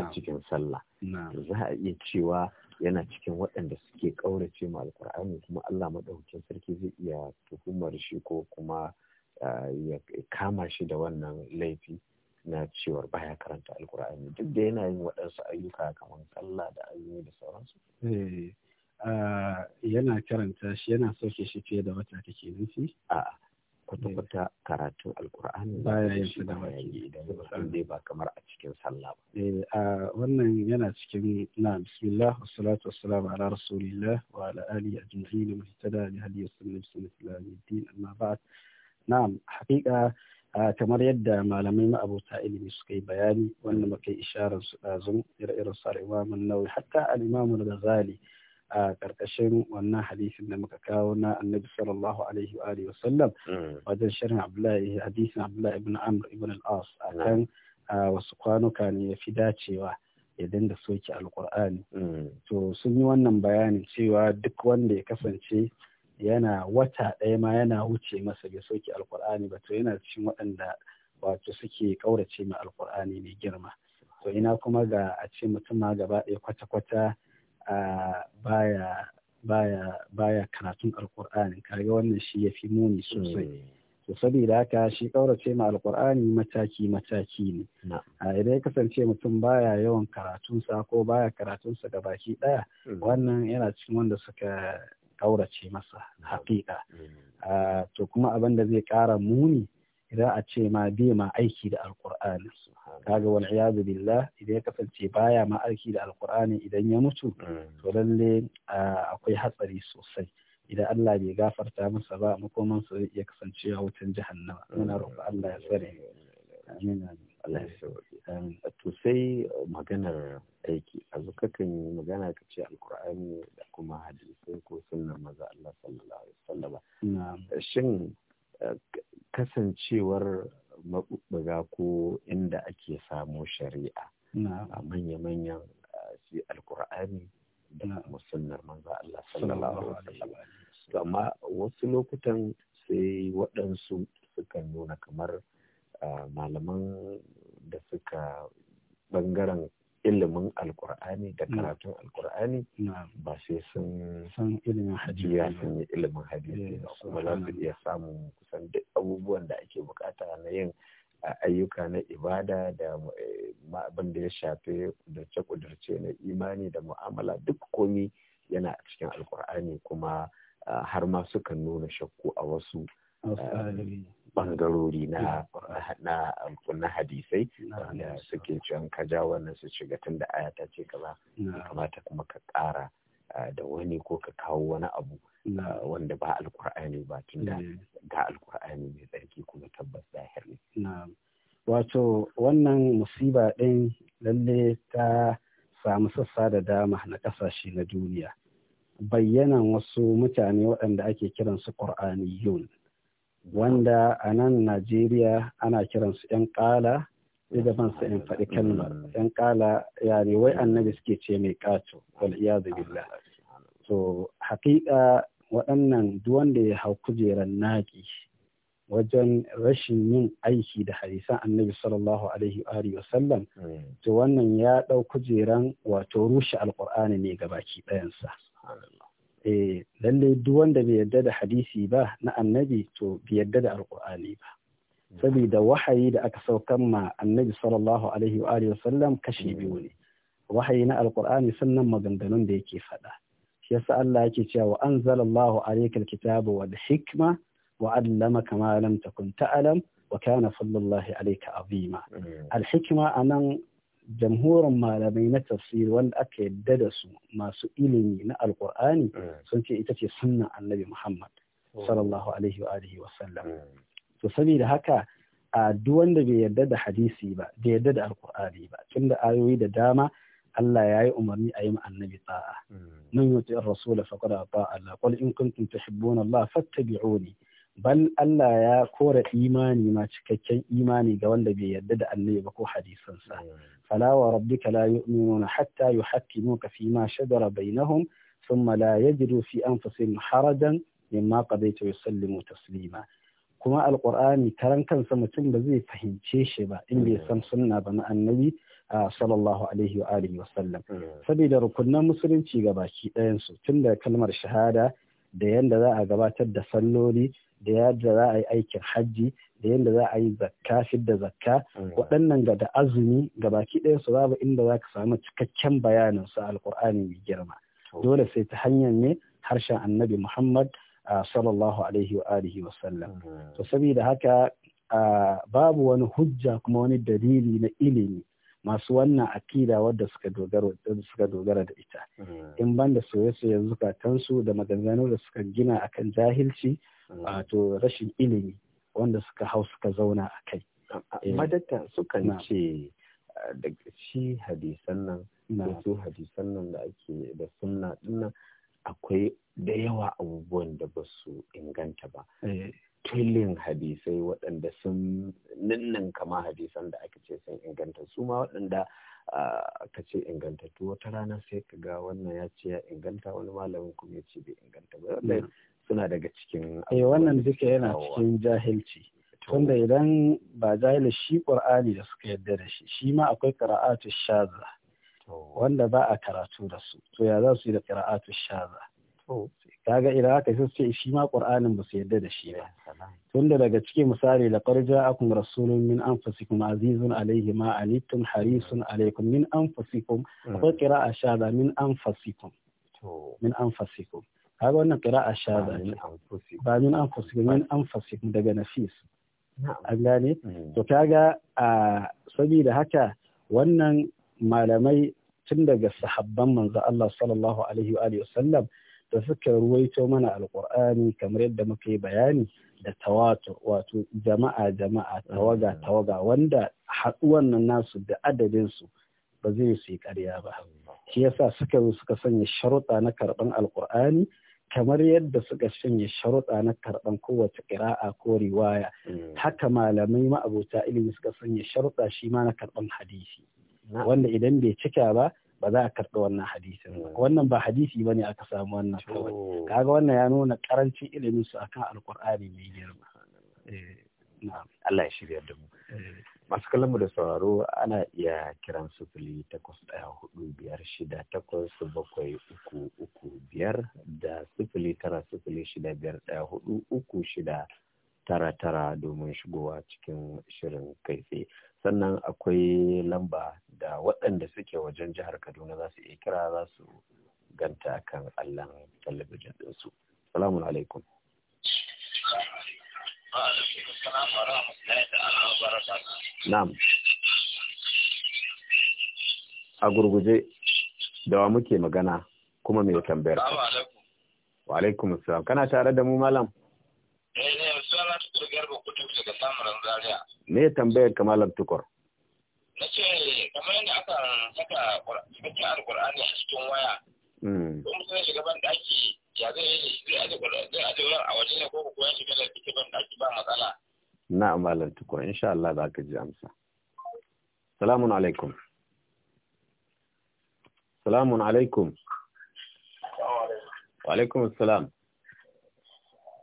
a cikin sallah za a iya cewa yana cikin waɗanda suke ƙaurace ma Alƙur'ani kuma allah maɗaukin sarki zai iya tuhumar shi ko kuma ya kama shi da wannan laifi na cewar baya karanta alkur'ani duk da yana yin waɗansu ayyuka kamar sallah da azumi da sauransu yana karanta shi yana soke shi fiye da wata take nufi a kwata-kwata karatu alkur'ani baya yin su da baki idan dai ba kamar a cikin sallah ba a wannan yana cikin na bismillah wassalatu wassalamu ala rasulillah wa ala Ali ajma'in wa li sunnati sunnati amma na'am haƙiƙa ah, kamar yadda malamai ma'abota ilimi suka yi bayani wanda muka yi isharar su ɗazun ire-iren su imamun nauyi hatta al'imamun zali a ƙarƙashin wannan hadisin da muka kawo na annabi sallallahu alaihi wa alihi wasallam mm. wajen shirin abdullahi hadisin abdullahi ibn amr ibn al-as a mm. kan wasu kwanuka ne ya fi dacewa ya dinga soke alƙur'ani mm. to sun yi wannan bayanin cewa duk wanda ya kasance yana wata ɗaya ma yana wuce masa bai soke alkur'ani ba to yana cikin waɗanda wato suke ƙaurace ma alkur'ani mai girma to ina kuma ga a ce mutum ma gaba ɗaya kwata-kwata baya baya baya karatun alkur'ani kaga wannan shi ya fi muni sosai hmm. to saboda haka shi ƙaurace ma alkur'ani mataki mataki ne a idan ya kasance mutum baya yawan karatunsa ko baya karatunsa ga baki ɗaya hmm. wannan yana cikin wanda suka ƙaurace masa haƙiƙa ah, to kuma abin da zai ƙara muni idan a ce ma bai ma aiki da alƙur'ani kaga wal iyadu billah idan ya kasance baya ma aiki da alƙur'ani idan ya mutu to lalle ah, akwai hatsari sosai idan Allah bai gafarta masa ba makomansa zai iya kasancewa wutan jahannama muna roƙo Allah ya tsare amin Um, to sai maganar aiki a kakan yi magana ka ce alkur'ani da kuma hadisai ko sunan maza Allah sallallahu alaihi wasallama shin eh, kasancewar mabubuga ko inda ake samo shari'a a manya-manyan eh, shi alkur'ani da sunan maza Allah sallallahu alaihi wasallama amma wasu lokutan sai waɗansu sukan nuna kamar malaman da suka bangaren ilimin alkur'ani da mm. karatun alkur'ani ba sai sun san ilimin hadisi ya yi ilimin hadisi eh, kuma za su iya samun kusan duk abubuwan da ake bukata na yin ayyuka na ibada da eh, abin da ya shafi kudurce kudurce na imani da mu'amala duk komi yana a cikin alkur'ani kuma har ma sukan nuna shakku a wasu eh, bangarori na hmm. na na hadisai da suke can ka ja wannan su shiga tun da aya ta ce kaza kamata kuma ka ƙara da wani ko ka kawo wani abu wanda ba alkur'ani ba tun da hmm. ga alkur'ani mai tsarki kuma tabbas zahir ne wato wannan musiba ɗin lalle ta samu sassa da dama na ƙasashe na duniya bayyana wasu mutane waɗanda ake kiransu ƙur'aniyun wanda a nan Najeriya ana kiransu 'yan ƙala da ban sa in faɗi kalma, 'yan ƙala ne wai annabi suke ce mai ƙato wal iyadu billah to haƙiƙa waɗannan duk wanda ya hau kujeran naƙi wajen rashin yin aiki da hadisan annabi sallallahu alaihi wa sallam to wannan ya ɗau kujeran wato rushe alƙur'ani ne gabaki ɗayansa eh lallai duk wanda bai yarda da hadisi ba na annabi to bai yarda da alkur'ani ba saboda wahayi da aka saukan ma annabi sallallahu alaihi wa alihi wasallam kashi hmm. biyu ne wahayi na alkur'ani sannan maganganun da yake faɗa shi yasa Allah yake cewa wa anzalallahu alayka alkitaba wal hikma wa allamaka ma lam takun ta'lam wa kana fadlullahi alayka azima hmm. alhikma anan jamhurin malamai na tafsiri wanda aka yadda da su masu ilimi na alkur'ani mm. sun ce ita ce sunnan annabi muhammad mm. sallallahu alaihi wa alihi wa sallam mm. to saboda haka a duk wanda bai yarda da hadisi ba bai yarda da alkur'ani ba tunda ayoyi da dama Allah ya yi umarni a yi annabi ta'a. Mun yi rasul fa qad ta'a Allah qul in kuntum tuhibbuna Allah fattabi'uni bal Allah ya kora imani ma cikakken imani ga wanda bai yarda da Allah ba ko hadisansa hmm. fala wa rabbika la yu'minuna hatta yuhakkimuka fi ma shajara bainahum thumma la yajidu fi anfusihim harajan mimma qadayta yusallimu taslima kuma alqur'ani karan kansa mutum ba zai fahimce shi ba in bai hmm. san sunna ba na annabi sallallahu alaihi wa alihi wa sallam hmm. saboda rukunan musulunci ga baki ɗayan su tun da kalmar shahada da yanda za a gabatar da salloli da yadda za a yi aikin hajji da yadda za a yi zakka fidda zakka mm. waɗannan ga da azumi ga baki ɗaya su babu inda za ka samu cikakken bayanin su alƙur'ani mai girma dole sai ta hanyar ne harshen annabi muhammad sallallahu alaihi wa alihi wa sallam mm. to saboda haka babu wani hujja kuma wani dalili na ilimi masu wannan akida wadda suka dogara da ita hmm. in banda soye yanzu zukatansu da maganganu da suka gina akan jahilci hmm. wato rashin ilimi wanda suka hau suka zauna a kai eh. madatta sukan ce da shi hadisan nan su hadisan nan da ake da sunna dinnan akwai da yawa abubuwan da ba su inganta ba eh. tilin hadisai waɗanda sun ninnan kama hadisan da aka ce sun inganta su ma waɗanda aka ce ingantattu wata rana sai ka ga wannan ya ce ya inganta wani malamin kuma ya ce bai inganta ba wanda hmm. suna daga cikin eh wannan duka yana cikin jahilci tunda idan ba jahil shi qur'ani da suka yarda da shi shi ma akwai qira'atu shaza wanda ba a karatu da su to ya za su yi da qira'atu shaza kaga idan aka sai ce shi ma qur'anin ba su yarda da shi ba tunda daga cikin misali la qad ja'akum rasulun min anfusikum azizun alayhi ma anittum harisun alaykum min anfusikum akwai qira'a shada min anfusikum min anfusikum kaga wannan qira'a shada anfusikum ba min anfusikum min anfusikum daga nafis an gane hmm. to kaga a saboda haka wannan malamai tun daga sahabban manzo Allah sallallahu alaihi wa sallam da suka ruwaito mana alkur'ani kamar yadda muka yi bayani da tawato wato jama'a jama'a tawaga mm. tawaga wanda haɗuwan nan nasu da adadin su ba zai su yi ƙarya ba shi yasa suka zo suka sanya sharuɗa na karɓan alkur'ani kamar yadda suka sanya sharuɗa na karɓan kowace ƙira'a ko riwaya mm. haka malamai ma'abota ilimi suka sanya sharuɗa shi ma na karɓan hadisi wanda idan bai cika ba ba za a karɓi wannan hadisin hmm. wannan ba hadisi ba ne aka samu wannan kawai kaga wannan ya nuna karancin ilimin su akan alƙur'ani mai girma eh, Allah ya shirya da mu eh. masu kalamu da sauraro ana iya kiran sufuri takwas ɗaya hudu biyar shida takwas bakwai uku uku biyar da sufuri tara sufuri shida biyar ɗaya hudu uku shida tara tara domin shigowa cikin shirin kai tsaye sannan akwai lamba da waɗanda suke wajen jihar kaduna za su iya kira za su ganta kan allon talabijin ɗinsu Salamu alaikum na'am a gurguje da wa muke magana kuma mai tambayar wa alaikum salam kana tare da mu malam eh ne eh, sunana tukur garba kudu daga samun zaria me tambayar kamalar tukur nace kamar yadda aka saka cikakken alkur'ani a cikin waya in hmm. mutum ya shiga ban daki ya zai zai aje zai aje wurin a waje ne ko kuwa ya shiga da cikin ban daki ba matsala na amalar tukur insha Allah za ka ji amsa salamun alaikum salamun alaikum wa alaikum salam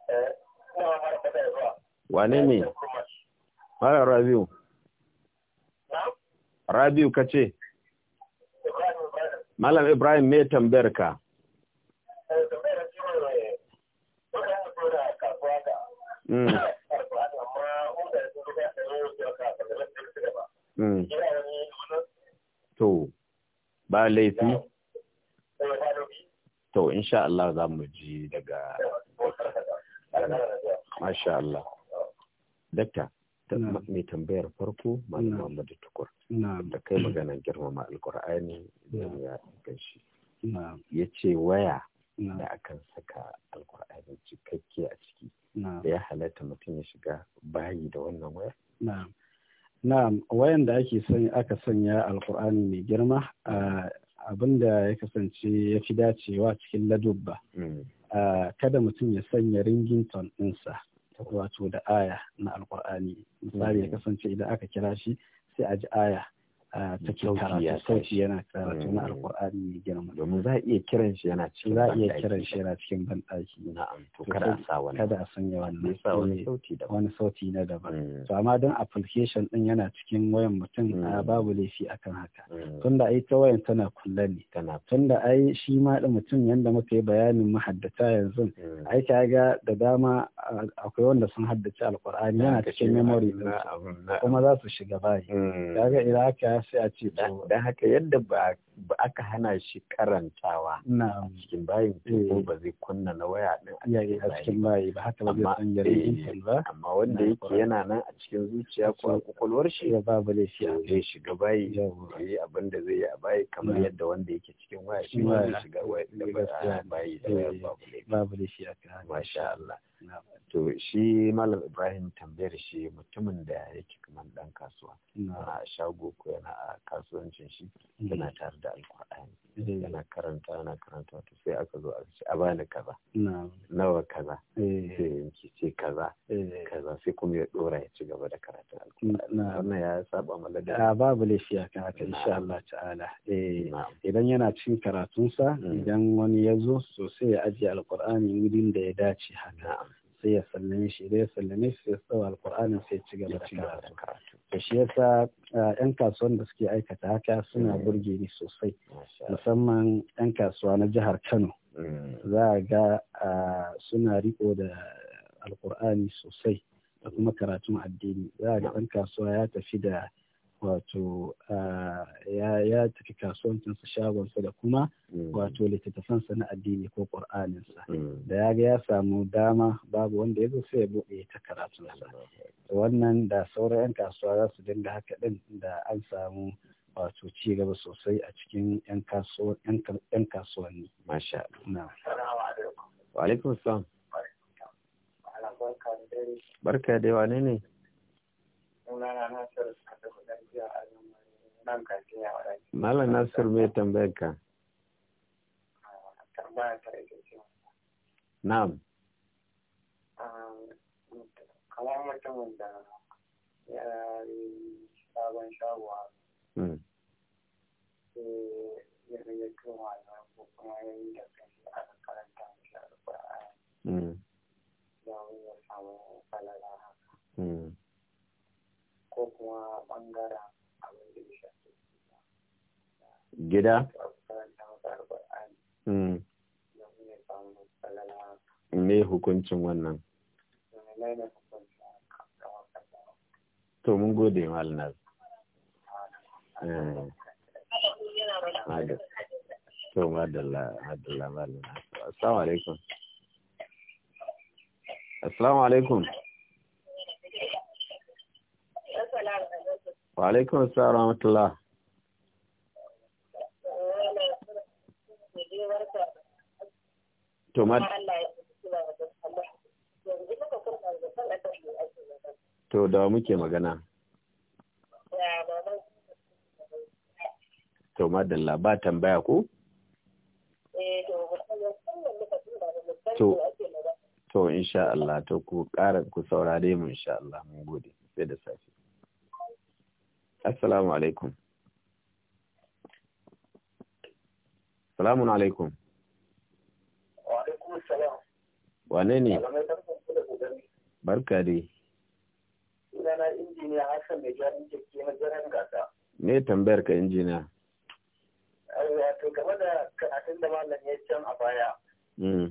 eh, wane ne Hala Rabiu. Rabiu ka ce? Malam Ibrahim me tambayar ka? Hmm. Hmm. To, ba laifi? To, insha Allah za mu ji daga... Masha Allah. Dakta. mai tambayar farko malam Muhammadu Tukur da kai maganar girmama alkur'ani don ya gashi ya ce waya da akan saka alkur'ani cikakke a ciki da ya halatta mutum ya shiga bayi da wannan wayar na'am wayan da ake aka sanya alkur'ani mai girma abin da ya kasance ya fi dacewa cikin ladubba mm. kada mutum ya sanya ringington ɗinsa wato da aya na alkur'ani misali ya mm-hmm. kasance idan aka kira shi sai a ji aya ta karatu sauki yana karatu na eh. alkur'ani mai girma domin za a iya kiran shi yana cikin za a iya kiran shi yana cikin banɗaki to kada a sa wani kada a sanya wannan wani eh, sauti da wani sauti na daban eh. to amma don application din yana cikin wayan mutum a hmm. babu laifi akan haka hmm. tunda ai ta wayan tana kulle ne tunda ai shi ma da mutum yanda muka yi bayanin mahaddata yanzu hmm. ai ka ga da dama akwai wanda sun haddace alkur'ani yana cikin memory kuma za su shiga bayi kaga idan aka sai a ce eh. to dan haka yadda ba ba aka hana shi karantawa a cikin bayin ko eh. ba zai kunna na waya din a cikin bayi ba haka ba zai san yarin eh, ba amma wanda yake yana nan a cikin zuciya ko a kwakwalwar shi ya babu laifi a zai shiga bayi yi abin da zai yi a bayi kamar yadda wanda yake cikin waya shi ma zai shiga eh, bayi babu laifi a kan masha Allah to shi malam ibrahim tambayar shi mutumin da yake kamar dan kasuwa a shago ko yana a kasuwancin shi yana tare da da alkur'ani yana karanta ana karanta to sai aka zo a ce a bani kaza nawa kaza eh. sai ki ce kaza eh. kaza sai kuma ya dora ya ci gaba da karatun alkur'ani wannan ya saba malaga a babu laifi a kan haka insha Allah ta'ala eh, idan yana cin karatunsa hmm. idan wani ya zo sosai ya ajiye alkur'ani wurin da ya dace haka sai ya sallame shi da ya sallame shi sai ya tsawo alkur'anin sai ya ci gaba da karatu to shi yasa yan kasuwan da suke aikata haka suna mm. burge ni sosai musamman yan kasuwa na jihar kano mm. za a ga suna riko da alkur'ani sosai da kuma karatun addini za a ga ɗan kasuwa ya tafi da wato eh, ya tafi kasuwancinsa shagonsa da kuma mm. wato littattafansa na addini ko ƙur'aninsa mm. da ya ga ya samu dama babu wanda ya zo sai ya buɗe ta karatunsa mm. wannan da sauran 'yan kasuwa za su dinga haka ɗin da an samu wato ci gaba sosai a cikin 'yan kasuwanni. Masha Allah. Wa alaikum salam. Barka da wane ne? Sunana Nasiru Malam Nasir mai tambayar ka. Ah, Na'am. Ah, kamar da ya yi sabon shago hmm. eh, ya rage kuma ko kuma ya yi da a karanta shi a rufe a hmm. ya samu falala haka. Hmm. ko kuma ɓangaren abin da ya shafi gida mm. me hukuncin wannan to mun gode malnar eh. to madalla madalla malnar assalamu alaikum assalamu alaikum wa alaikun assalam rahmatullah to ma da muke magana to madalla ba tambaya ko to to insha Allah to ku ƙara ku saurare mu insha Allah mun gode sai da safe assalamu alaikum salamun alaikum Wa alaikum wane ne barka dai sunana injiniya hassan mai jarin jirgi na jiran gasa me tambayar ka injiniya wato game da karatun da malam ya can a baya hmm.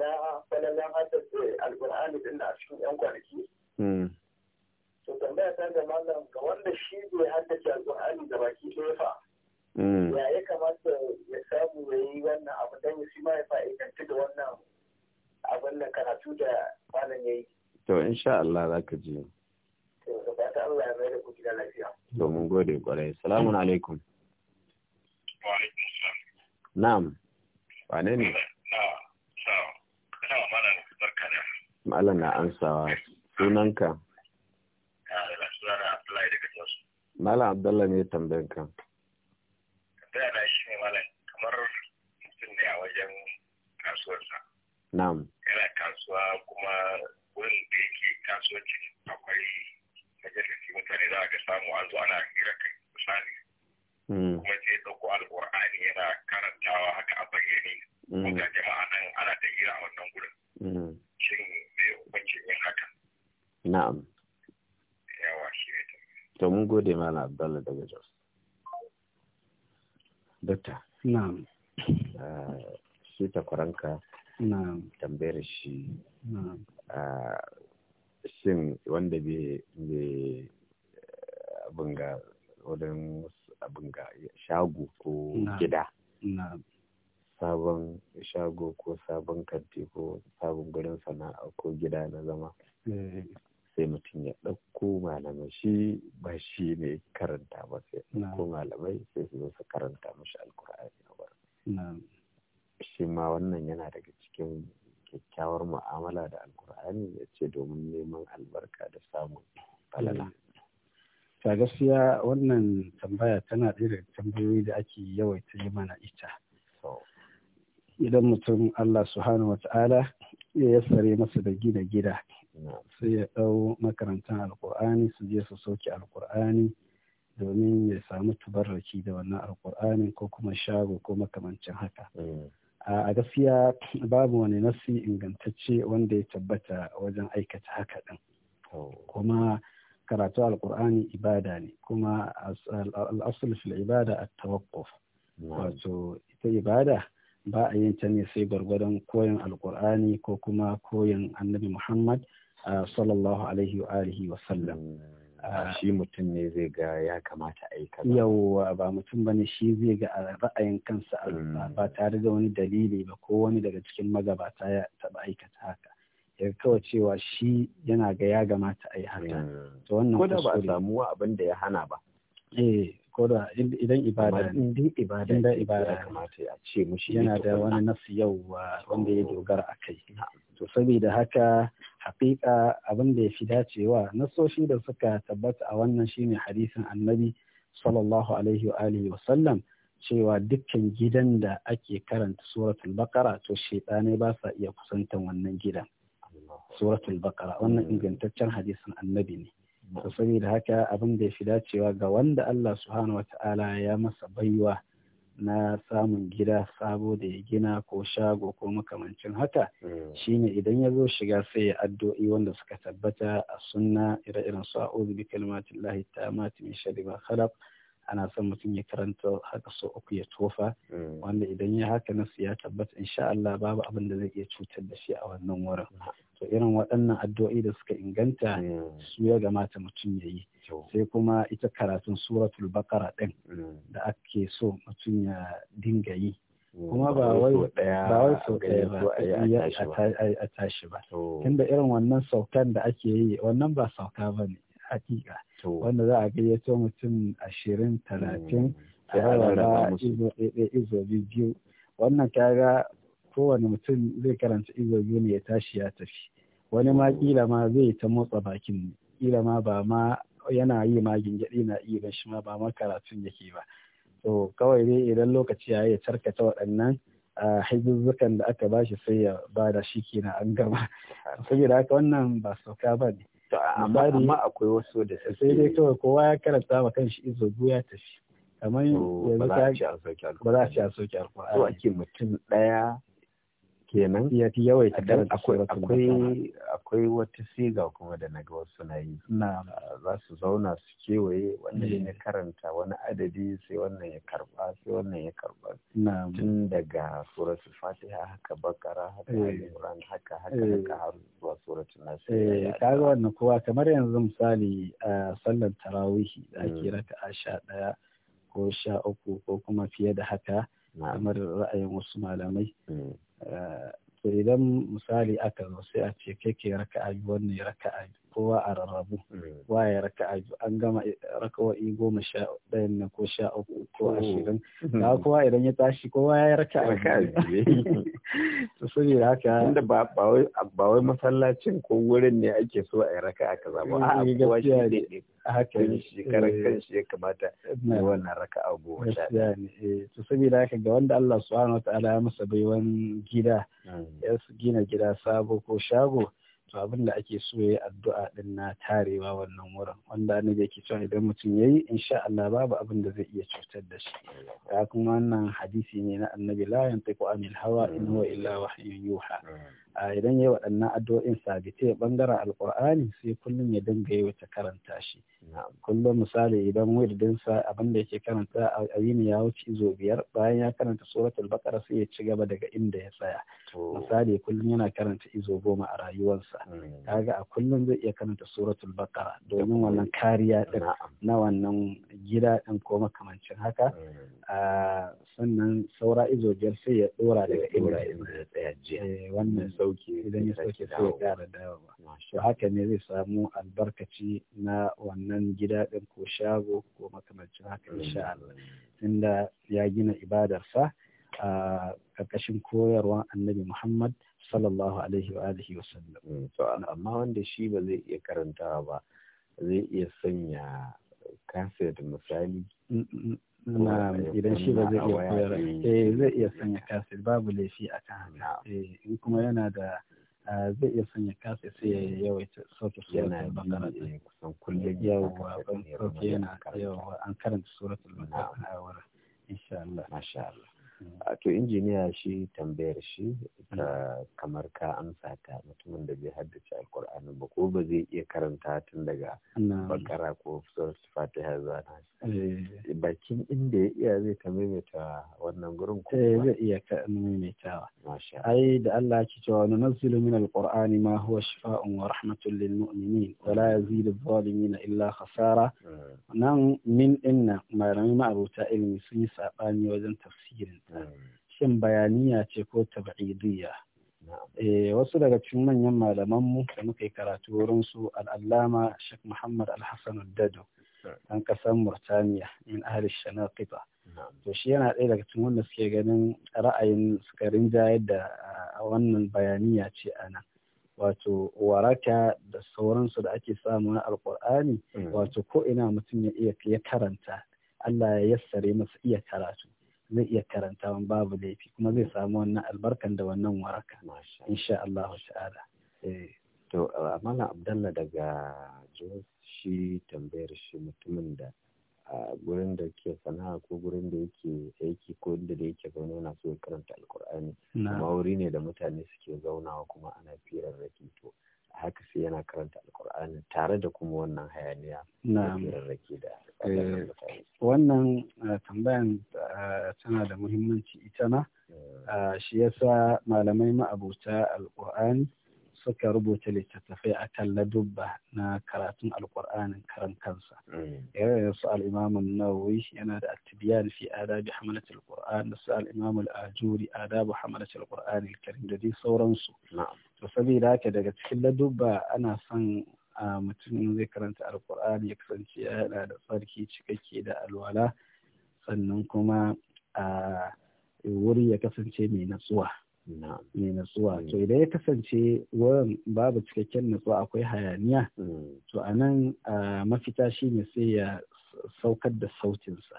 na falalan haddace alkur'ani din da a cikin yan kwanaki hmm. to tambaya ta ga malam ga wanda shi bai haddace alƙur'ani da baki ɗaya fa mm. ya ya kamata ya samu ya yi wannan abu don ya shi ma ya fa'idanci da wannan abin da karatu da malam ya yi to insha Allah za ka ji to da ta Allah ya mai da kuki da lafiya to mun gode kwarai salamu alaikum wa alaikum salam na'am wane ne na'am na'am malam na ansawa sunanka Malam Abdullah ne tambayan ka. Tambaya na shi ne malam kamar mutum ne a wajen kasuwarsa. Na'am. Yana kasuwa kuma wurin da yake kasuwanci akwai majalisi mutane za a ga samu an zo ana hira kai misali. Hmm. Kuma sai ɗauko alƙur'ani yana karantawa haka a bayyane. Hmm. Kuma jama'a nan ana ta hira a wannan gurin. Hmm. Shin me hukuncin yin haka? Na'am. to mun gode mana Abdullahi daga jos dokta na'am eh, shi takwaranka na'am tambayar shi na'am eh, shin wanda bai eh, abin ga wurin abin ga shago ko gida sabon shago ko sabon kanti ko sabon gurin sana'a ko gida na zama sai mutum ya ɗauko malamai shi ba shi ne karanta ba sai ɗauko malamai sai su zo su karanta mashi alkur'ani na bar shi ma wannan yana daga cikin kyakkyawar mu'amala da alkur'ani ya ce domin neman albarka da samun falala ta gaskiya wannan tambaya tana ɗaya daga tambayoyi da ake yawaita yi mana ita idan mutum Allah subhanahu wa ta'ala ya yassare masa da gida gida sai ya ɗau makarantar alkur'ani su je su soke alkur'ani domin ya samu tubarraki da wannan alkur'ani ko kuma shago ko makamancin haka mm. a gaskiya babu wani nasi ingantacce wanda ya tabbata wajen aikata haka ɗin oh. kuma karatu alkur'ani ibada ne kuma al'asul fil ibada a tawakkuf wato ita ibada ba a yin ta ne sai gwargwadon koyon alkur'ani ko kuma koyon annabi muhammad Ah, sallallahu alaihi wa alihi wa sallam hmm, ah, shi mutum ne zai ga ya kamata a yi kaza yawwa ba mutum bane shi zai ga ra'ayin kansa hmm. ba tare da wani dalili ba ko wani daga cikin magabata ya taba aikata haka ya kawa cewa shi yana ga ya gamata a yi haka hmm. ko da ba a samu abin da ya hana ba eh ko da idan ibada Idan ibada Idan ibada kamata ya ce mushi yana da wani nasu yau wanda ya dogara akai to saboda haka haƙiƙa abin da ya fi dacewa nasoshi da suka tabbata a wannan shine hadisin annabi sallallahu alaihi wa alihi wa sallam cewa dukkan gidan da ake karanta suratul bakara to shaitane ba sa iya kusantan wannan gidan suratul bakara wannan ingantaccen hadisin annabi ne to saboda haka abin da ya fi dacewa ga wanda Allah subhanahu ta'ala ya masa baiwa na samun gida sabo da ya gina ko shago ko makamancin haka hmm. shine idan ya zo shiga sai ya addu'o'i wanda suka tabbata a sunna ire-iren su a'udhu bi kalimatillahi tammati min sharri ma khalaq ana son mutum ya karanta haka so uku ya tofa hmm. wanda idan ya haka na ya tabbata insha Allah babu abin da zai iya cutar da shi a wannan wurin to irin waɗannan addu'o'i da suka inganta hmm. su ya gamata mutum ya yi sai kuma ita karatun suratul bakara ɗin hmm. da ake so mutum ya dinga yi kuma ba wai ba wai sau ɗaya a tashi ba tunda irin wannan saukan da ake yi wannan ba sauka ba ne hakika wanda za a gayyato mutum ashirin talatin hmm, a rarraba izo izo biyu wannan kaga kowane mutum zai karanta izo biyu ne ya tashi ya tafi wani ma kila oh. ma zai ta motsa bakin kila ma ba ma yana yi ma gingadi na iya ban shi ma ba ma karatun yake ba to kawai dai idan lokaci ya ya tarkata waɗannan a haizuzzukan da aka ba shi sai ya ba da shi kenan an gama saboda haka wannan ba sauka ba ne to amma amma akwai wasu da suke sai dai kawai kowa ya karanta ma kanshi izo ya tafi kamar oh, yanzu ba za a ci a soke alkur'ani to ake mutum daya kenan ya fi yawaita dan akwai akwai wata siga kuma da naga wasu na yi ah, za su zauna su kewaye wanda mm. ya karanta wani adadi sai wannan ya karba sai wannan ya karba tun daga suratul fatiha haka bakara haka eh. imran haka haka eh. haka har zuwa suratul nas eh, kaga wannan kowa kamar yanzu misali ah, sallar tarawihi da ake mm. raka'a sha ɗaya ko sha uku ko kuma fiye da haka kamar ra'ayin wasu malamai mm. Eh, to idan misali aka zo sai a ce kai ke raka'a biyu wannan raka'a biyu kowa a rarrabu kowa hmm. ya raka'a biyu an gama eh, raka'o'i goma sha ɗaya na ko sha uku ko hmm. ashirin ga kowa idan ya tashi kowa ya yi raka'a biyu to da haka inda ba ba wai masallacin ko wurin ne ake so a yi raka'a kaza ba a eh, kowa shi ne a haka ne shekarar kan shi eh. ya kamata ne wannan raka'a goma sha ɗaya eh, sani da haka ga wanda Allah subhanahu ta'ala ya masa baiwan gida hmm. ya gina gida sabo ko shago to abin da ake so ya addu'a din na tarewa wannan wurin wanda ne yake cewa idan mutum ya yi insha Allah babu abin da zai iya cutar da shi ya kuma wannan hadisi ne na annabi la yantiqu anil hawa in huwa illa wahyu yuha idan yayi waɗannan addu'o'in sabite bangaren alqur'ani sai kullum ya dinga yi wata karanta shi kullum misali idan wirdinsa abin da yake karanta a yini ya wuce izo biyar bayan ya karanta suratul baqara sai ya ci gaba daga inda ya tsaya misali kullum yana karanta izo goma a rayuwarsa Mm. kaga a kullum zai iya karanta suratul baqara domin wannan kariya din na wannan gida din ko makamancin haka mm. ah, sannan saura izo biyar sai ya dora daga ibra eh, wannan sauki idan ya sauke sai ya kara dawowa to haka ne zai samu albarkaci na wannan gida din ko shago ko makamancin haka mm. insha Allah inda ya gina ibadarsa a ah, ƙarƙashin koyarwar annabi Muhammad sallallahu alaihi wa alihi wa sallam mm. to amma wanda shi ba zai iya karantawa ba zai iya sanya kaset misali na idan shi ba zai iya koyar eh zai iya sanya kaset babu laifi a kan haka eh, in kuma yana da ah, zai iya sanya kaset sai ya mm. yawaita sauke suratul bakara eh, kusan kullum yawa ban sauke yana yawa an karanta suratul bakara a wurin insha Allah masha Allah Mm. to injiniya shi tambayar shi mm. kamar ka amsa ta mutumin da bai haddace alkur'ani ba ko ba zai iya karanta tun daga bakara ko surat fatiha zuwa na eh. bakin inda ya iya zai ta maimaita wannan gurin ko eh, zai iya maimaitawa ai da Allah ya cewa wani nazilu min alkur'ani ma huwa shifa'un wa rahmatun lil mu'minin wa la mm. yazidu zalimina illa khasara nan min inna malamai ma'abuta ilimi sun yi sabani wajen tafsirin shin bayaniya ce ko tab'idiyya eh, wasu daga cikin manyan malamanmu da muka yi karatu wurin su al'allama Sheikh Muhammad Al-Hassan Dado dan ƙasar Murtaniya in ahli Shanaqita to shi yana ɗaya daga cikin wanda suke ganin ra'ayin sukarin jayar da wannan bayaniya ce ana wato waraka da sauransu da ake samu na alƙur'ani mm. wato ko ina mutum ya iya karanta Allah ya yassare masa iya karatu zai iya karanta wani babu laifi kuma zai samu wannan albarkan da wannan waraka insha Allah ta'ala eh. to uh, amana abdalla daga jos shi tambayar shi mutumin da a uh, gurin da ke sana'a ko gurin da yake aiki ko inda da yake zaune yana so ya karanta alkur'ani amma wuri ne da mutane suke zaunawa kuma ana firar to haka sai yana karanta alkur'ani tare da kuma wannan hayaniya na rarrake da eh, wannan eh, tambayan eh, tana da muhimmanci ita ma ah, shi yasa malamai ma'abuta alkur'ani suka rubuta littattafai a kan ladubba na karatun alkur'anin karan kansa mm. da su al'imamun nawawi yana da attibiyan fi adabi hamalat alkur'an da su al'imamun ajuri adabu hamalat alkur'an da dai sauransu to saboda haka daga cikin ladubba ana son a mutum zai karanta alkur'an ya kasance ya haɗa da tsarki cikakke da alwala sannan kuma a wuri ya kasance mai natsuwa mai natsuwa mm. to idan ya kasance wurin babu cikakken natsuwa akwai hayaniya mm. to a nan mafita ne sai ya saukar da sautinsa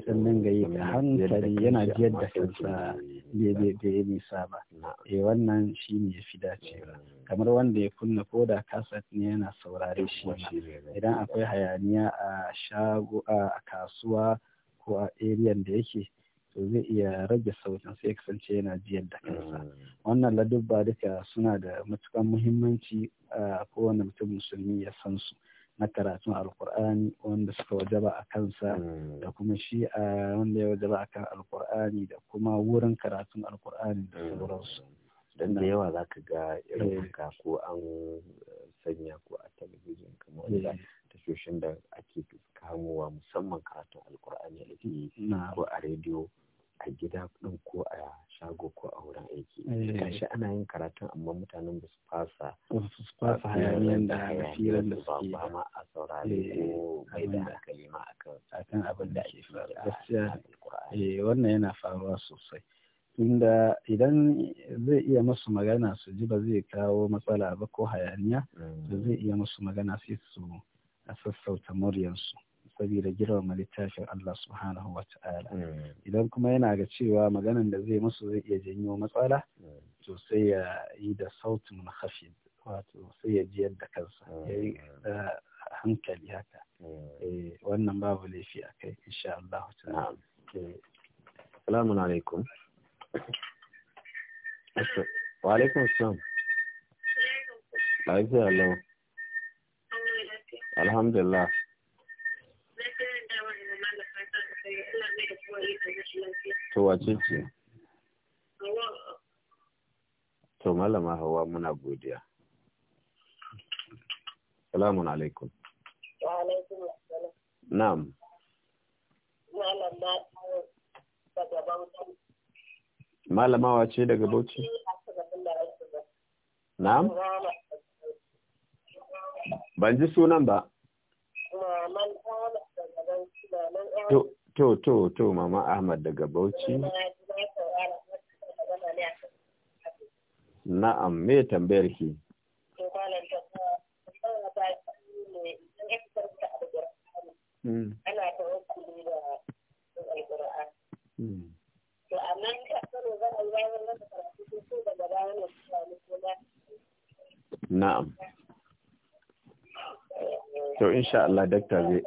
sai nan gayi yi da hankali yana jiyar da kansa daidai da ya nisa ba eh wannan shi ne ya fi dacewa mm. kamar wanda ya kunna ko da kasat ne yana saurare shi idan akwai hayaniya a shago a kasuwa ko a eriyan da yake to zai iya rage sautin sai kasance yana jiyar da kansa mm. wannan ladubba duka suna da matukan muhimmanci a kowane mutum musulmi ya san su na karatun alkur'ani wanda suka wajaba a kansa hmm. da kuma shi a wanda ya wajaba a kan alkur'ani da kuma wurin karatun alkur'ani da hmm. sauransu don da yawa za ka ga irin eh. ka ko an sanya ko a talabijin kamar wanda eh. tashoshin da ake kamowa musamman karatun alkur'ani a ko a rediyo a gida ko a shago ko a wurin aiki eh. gashi ana yin karatun amma mutanen ba su fasa su fasa da hayaniyar da ba ba ma a saurari eh, ko mai da hankali ma abin da ake eh, wannan yana faruwa sosai inda idan zai iya masu magana su ji ba zai kawo matsala ba ko hayaniya ba mm. zai iya masu magana sai su a sassauta muryarsu. saboda girmama littafin Allah subhanahu wa ta'ala idan kuma yana ga cewa maganan da zai musu zai iya janyo matsala to sai ya yi da sautin mahafi, wato sai ya jiyar da kansa ya yi eh, hankali haka eh, wannan babu laifi a kai insha Allah alaikum. Wa alaikum Alhamdulillah. to wace ce to malama hawa muna godiya salamun alaikum na'am malama wace daga bauchi na'am ban ji sunan ba to to to to mama ahmad daga bauchi na'am me tambayar ki hmm. Hmm. na'am to insha Allah daktar zai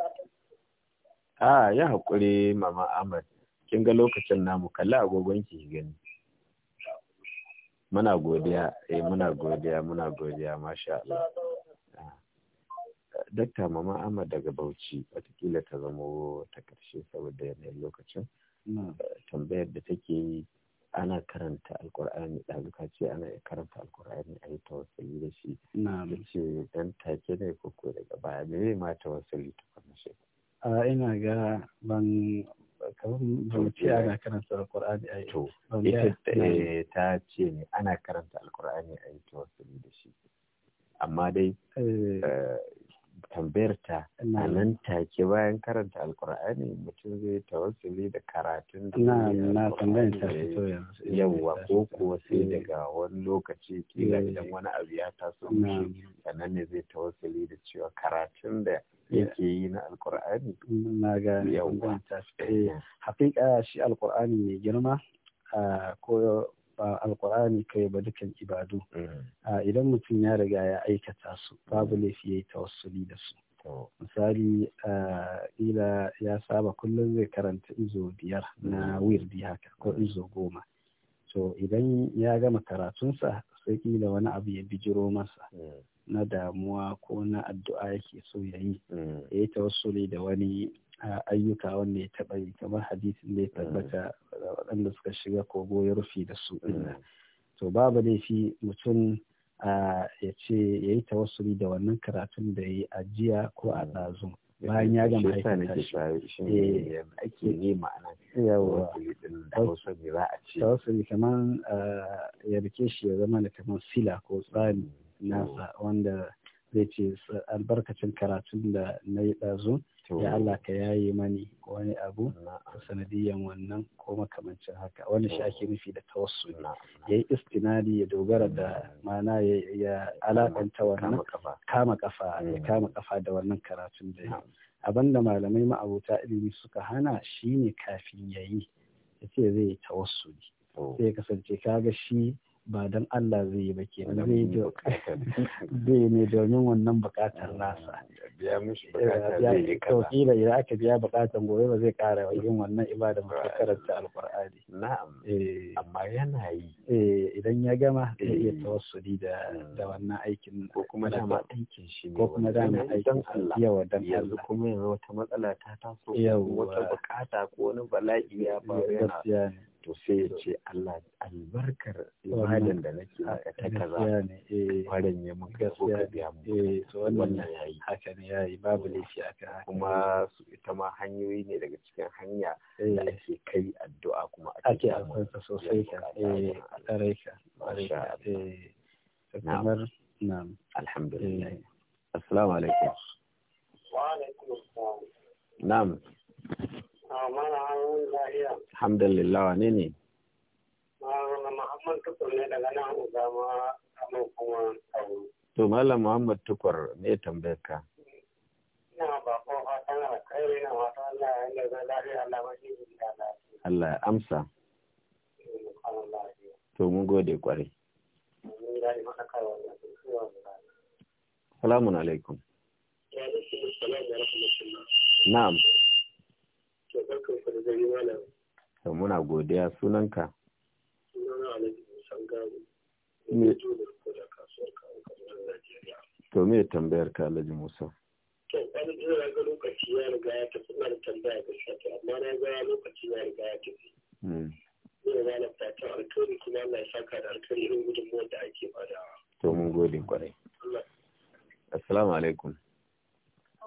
a ya haƙuri mama ahmad kin ga lokacin namu kalli agogon ki gani muna godiya eh muna godiya muna godiya masha Allah dakta mama ahmad daga bauchi watakila ta zamo ta karshe saboda yanayin lokacin eh, tambayar da take yi ana karanta alkur'ani ɗazuka ce ana karanta alkur'ani a yi tawassali da shi na ce dan take ne ko daga baya me ma wasali ta kwanashi a ina ga ban kamar ce ana karanta alkur'ani a to ita eh, ta ce ne ana karanta alkur'ani a yi tawassuli da shi amma dai eh. Eh, tambayar ta a nan take bayan karanta alkur'ani mutum zai tawassuli da karatun da na tambayar ta yawa ko kuwa sai eh. daga wani lokaci kila eh. idan wani abu ya taso mishi nan ne zai tawassuli da cewa karatun da yake yi na alkur'ani na ga yawa hakika shi alkur'ani mai girma ko ba alkur'ani kai ba dukan ibadu mm. idan mutum ya riga ya aikata su babu laifi ya yi tawassuli da su misali ila ya saba kullum zai karanta izo biyar na mm. wirdi haka ko mm. izo goma to idan ya gama karatunsa sai kila wani abu ya bijiro masa na damuwa ko na addu'a yake so ya yi ya yi tawassuli da wani ayyuka wanda ya taɓa yi kamar hadisin da ya mm. tabbata waɗanda suka shiga kogo ya rufe da su mm. to babu laifi mutum ya ce ya yi tawassuli da wannan karatun da ya yi a jiya ko a mm. ɗazu bayan ya gama aikata shi eh. ake ne ma'ana kamar ya rike shi ya zama da kamar sila ko tsari nasa wanda zai ce albarkacin karatun da na yi ɗazu ya Allah ka yaye mani wani abu sanadiyan wannan ko makamancin haka wani shi ake nufi da tawassuli ya yi istinadi ya dogara da mana ya alaƙanta wannan kama kafa ya mm. kama kafa da wannan karatun da ya abin da malamai ma'abuta ilimi suka hana shine kafin yayi ya ce zai tawassuli sai kasance ga shi ba don Allah zai yi ba ke zai ne domin wannan bukatar ah, nasa to yi idan aka biya bukatar gobe ba zai kara yin wannan ibada masu karanta alkur'ani na'am eh. amma yana yi eh, idan ya gama zai iya eh. tawassuli da da hmm. wannan aikin ko kuma dama aikin shi ne ko kuma dama aikin Allah yawa dan Allah yanzu kuma yanzu wata matsala ta taso wata bukata ko wani bala'i ya faru yana to sai ya ce Allah albarkar imanin da nake aka ta kaza eh, kwarin ya mun kai ko ka biya mu eh, wannan yayi haka ne yayi babu ne shi aka haka kuma su ita ma hanyoyi ne daga cikin hanya eh, da ake kai addu'a kuma ake amfanta sosai ka a tsare ka kamar na'am alhamdulillah assalamu alaikum wa alaikum assalam na'am Alhamdulillah wane ne? Ah, Muhammad Tukur ne daga nan kuma To Malam Muhammad Tukur ne tambayar ka? Ina ba ko fatan alkhairi na wata Allah ya yi da lafiya. Allah ya amsa. To mun gode kwarai. Salamun alaikum. Na'am. da muna godiya sunanka to me tambayar ka alhaji musa to wani jira ga lokaci ya riga ya tafi na da tambaya ga shafi amma na ga lokaci ya riga ya tafi zai hmm. ba na fatan alkhairi kuma Allah ya saka da alkhairi irin gudunmuwar da ake badawa to mun gode kwarai assalamu alaikum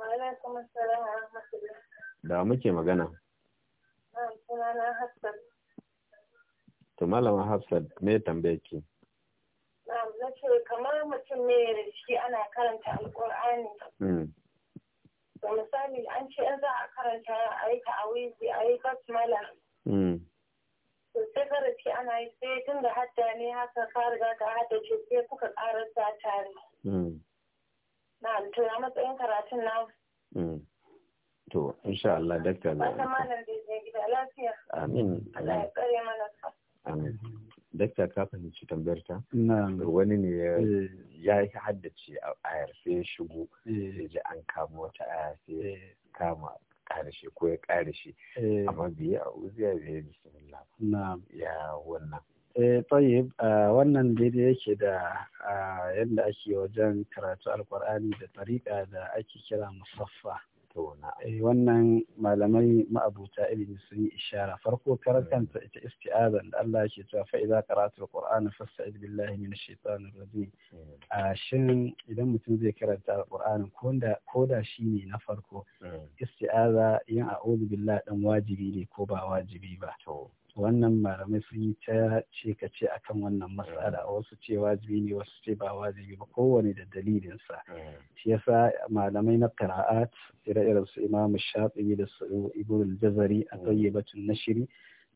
wa alaikum assalam wa rahmatullah da muke magana to malama hafsat me tambaye ki na ce kamar mutum ne ya rishi ana karanta Alƙur'ani. da hmm. misali an ce in za a karanta a yi ka ta'awizi a yi basmala hmm. to sai karafi ana yi sai tun da hadda ne haka ka riga ka hadda ce sai kuka ƙarar sa tare na hmm. to ya matsayin karatun na to insha Allah dakta na amin amin dakta ka fahimci tambayar ta wani ne ya eh. yi haddace a ayar sai ya shigo sai eh. ji an kama wata aya sai eh. kama karshe ko ya karshe amma biyu a uziya bai yi bismillah ya wannan eh tsaye wannan daidai yake da yadda ake wajen karatu alkur'ani da tariqa da ake kira musaffa tattauna eh, wannan malamai ma'abuta ilimi sun yi ishara farko karkanta hmm. ita isti'azan da Allah yake cewa fa idza qara'atul qur'ana fasta'id billahi minash shaitanir rajim hmm. a shin idan mutum zai karanta Al-Qur'ani ko da ko da shine na farko hmm. isti'aza yin a'udhu billahi dan wajibi ne ko ba wajibi ba wannan malamai sun yi ta ce ka ce akan wannan matsala mm. wasu ce wajibi ne wasu ce ba wajibi ba kowane da dalilinsa mm. shi yasa malamai na qira'at ira iren su Imam Shafi'i da su Ibn jazari a mm. tayyibatun nashiri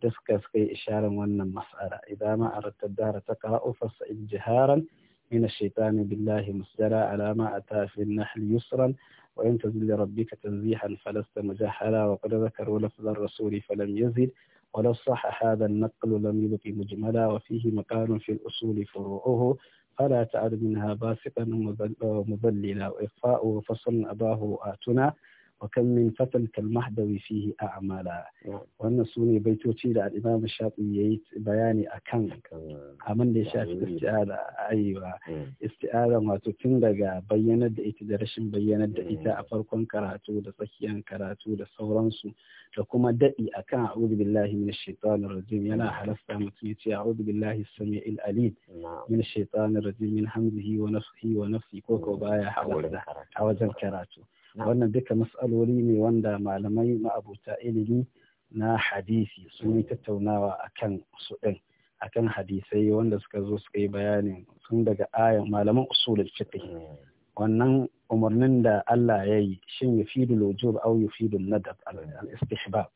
da suka suka yi isharar wannan mas'ala idan ma aratta dara ta qira'u fasa'id jiharan من الشيطان بالله مسجرا على ما أتى في النحل يسرا وإن تزل ربك تنزيحا فلست مجحلا وقد ذكروا لفظ الرسول فلم يزد ولو صح هذا النقل لم يبقي مجملا وفيه مكان في الأصول فروعه فلا تعد منها باسقا ومذللا وإخفاء فصل أباه آتنا wa kan min fatal kalmahdawi fihi a amala wannan sune ne baitoci da al'imam shafi ya yi bayani a kan da ya shafi isti'ara ayewa isti'ara wato tun daga bayyanar da ita da rashin bayyanar da ita a farkon karatu da tsakiyar karatu da sauransu da kuma daɗi akan kan a'udhu billahi min shaitanir yana halasta mutum ya ce a'udhu billahi sami'il alim min shaitanir min hamzihi wa nafsihi ko ko baya halarta a wajen karatu wannan duka mas'aloli ne wanda malamai ma'abuta ilimi na hadisi sun yi tattaunawa akan su ɗin akan hadisai wanda suka zo suka yi bayanin sun daga ayan malaman usulul fiqh hmm. wannan umarnin da Allah ya yi shin yufidul wujub aw yufidul nadab al istihbab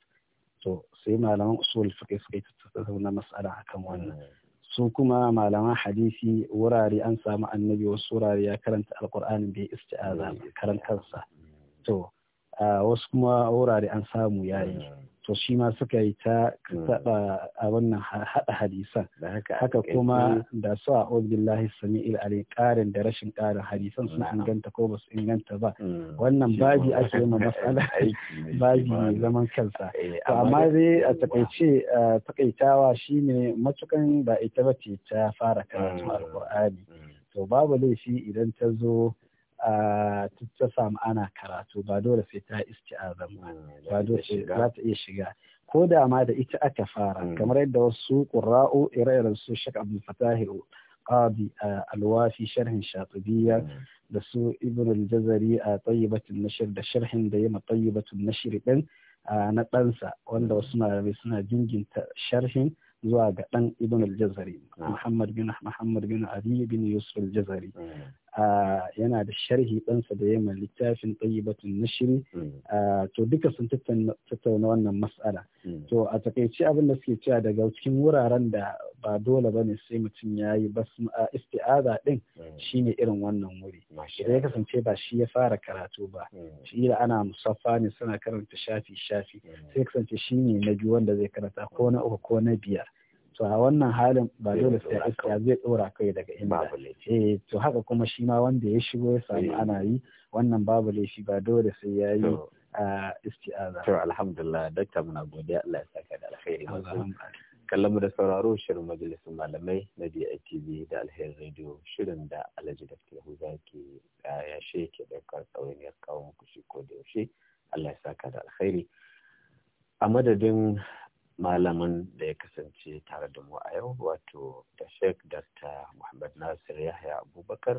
to sai malaman usulul fiqh suka yi tattauna mas'ala akan wannan hmm. su kuma malaman hadisi wurare an samu annabi wasu wurare ya karanta alkur'ani bai isti'aza hmm. karan kansa to a wasu kuma wurare an samu yayi eh. to shi ma suka yi ta taɓa hmm. a wannan haɗa hadisan haka kuma da su a obillahi sami'il ilalai ƙarin da rashin ƙarin hadisan suna inganta ko ba su inganta ba hmm. wannan babi ake yi ma matsala babi mai zaman kansa eh, to amma dai a takaice takaitawa shine matukan ba ita ba ce ta fara hmm. karatu alƙur'ani to babu laifi idan ta zo ta samu ana karatu ba dole sai ta isti'aza ba mm, dole za ta iya shiga ko da ma da ita aka fara mm. kamar yadda wasu ƙura'u ire su shaka Abdul Fattah qadi al sharhin Shatibiyya mm. da su Ibn al-Jazari a Tayyibatun nashir da sharhin da yama Tayyibatun nashir din na ɗansa wanda wasu malamai suna jinginta sharhin zuwa ga ɗan ibn al-jazari muhammad bin muhammad bin ali yusuf al-jazari yana da sharhi ɗansa da ya mai littafin na shiri. Mm. to duka sun tattauna wannan matsala mm. to a takaice abin da suke cewa daga cikin wuraren da ba dole ba ne sai mutum ya yi ba isti'aza ɗin mm. shine irin wannan wuri idan ya kasance ba shi ya fara karatu ba shi da ana musaffa ne suna karanta shafi shafi sai kasance shi ne na biyu wanda zai karanta ko na uku ko na biyar to a wannan halin ba dole sai iska zai ɗora kai daga inda eh to haka kuma shi ma wanda ya shigo ya samu eh. ana yi wannan babu laifi ba dole sai ya yi a isti'aza to alhamdulillah dakta muna godiya Allah ya saka da alkhairi kallon mu da sauraro shirin majalisun malamai na DITV da alheri radio shirin da alhaji da ke huza ke yashe ke daukar ya kawo muku shi ko da yaushe Allah ya saka da alkhairi a madadin malamin da ya kasance tare da mu a yau wato da sheik dr muhammad nasir yahya abubakar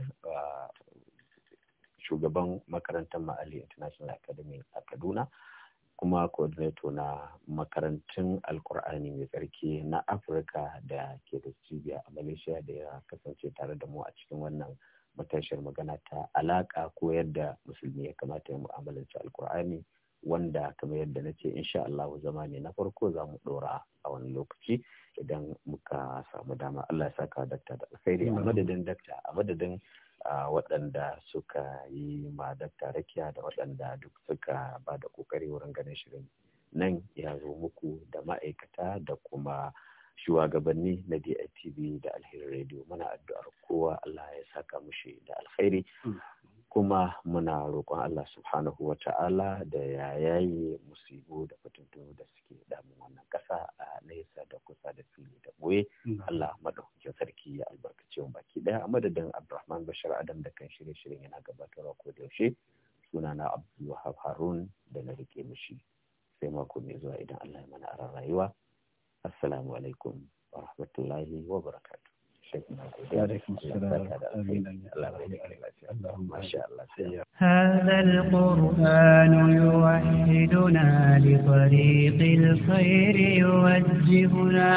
shugaban makarantar ma'ali international academy a kaduna kuma coordinator na makarantun alkur'ani mai tsarki na afirka da ke da cibiya a malaysia da ya kasance tare da mu a cikin wannan matashiyar magana ta alaka ko yadda musulmi ya kamata ya mu'amalanci alkur'ani wanda kamar yadda na ce insha Allah zama ne na farko za mu ɗora a wani lokaci idan muka samu dama Allah ya saka dakta da alkhairi a madadin dakta a madadin waɗanda suka yi ma dakta rakiya da waɗanda duk suka ba da ƙoƙari wurin ganin shirin nan ya zo muku da ma'aikata da kuma shugabanni na DITV da alheri radio muna addu'ar kowa Allah ya saka mushi da alkhairi mm. kuma muna roƙon Allah subhanahu wa ta'ala da ya yaye musibu da fitintunu da suke damu wannan ƙasa a nesa da kusa da fili da ɓoye mm. Allah maɗaukakin sarki ya albarkace mu baki ɗaya a madadin Abdulrahman Bashir Adam da kan shirye shirin yana gabatarwa ko da yaushe sunana Abdulwahab Harun da na rike mishi sai mako mai zuwa idan Allah ya mana aran rayuwa assalamu alaikum wa rahmatullahi wa barakatu. هذا القرآن يوحدنا لطريق الخير يوجهنا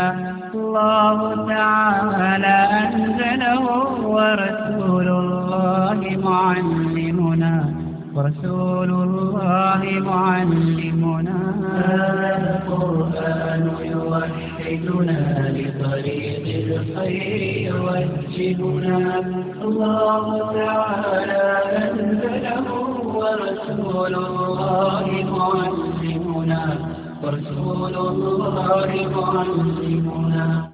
الله تعالى أنزله ورسول الله معلمنا ورسول الله الله معلمنا هذا القرآن يوحدنا لطريق الخير يوجهنا الله تعالى أنزله ورسول الله معلمنا ورسول الله معلمنا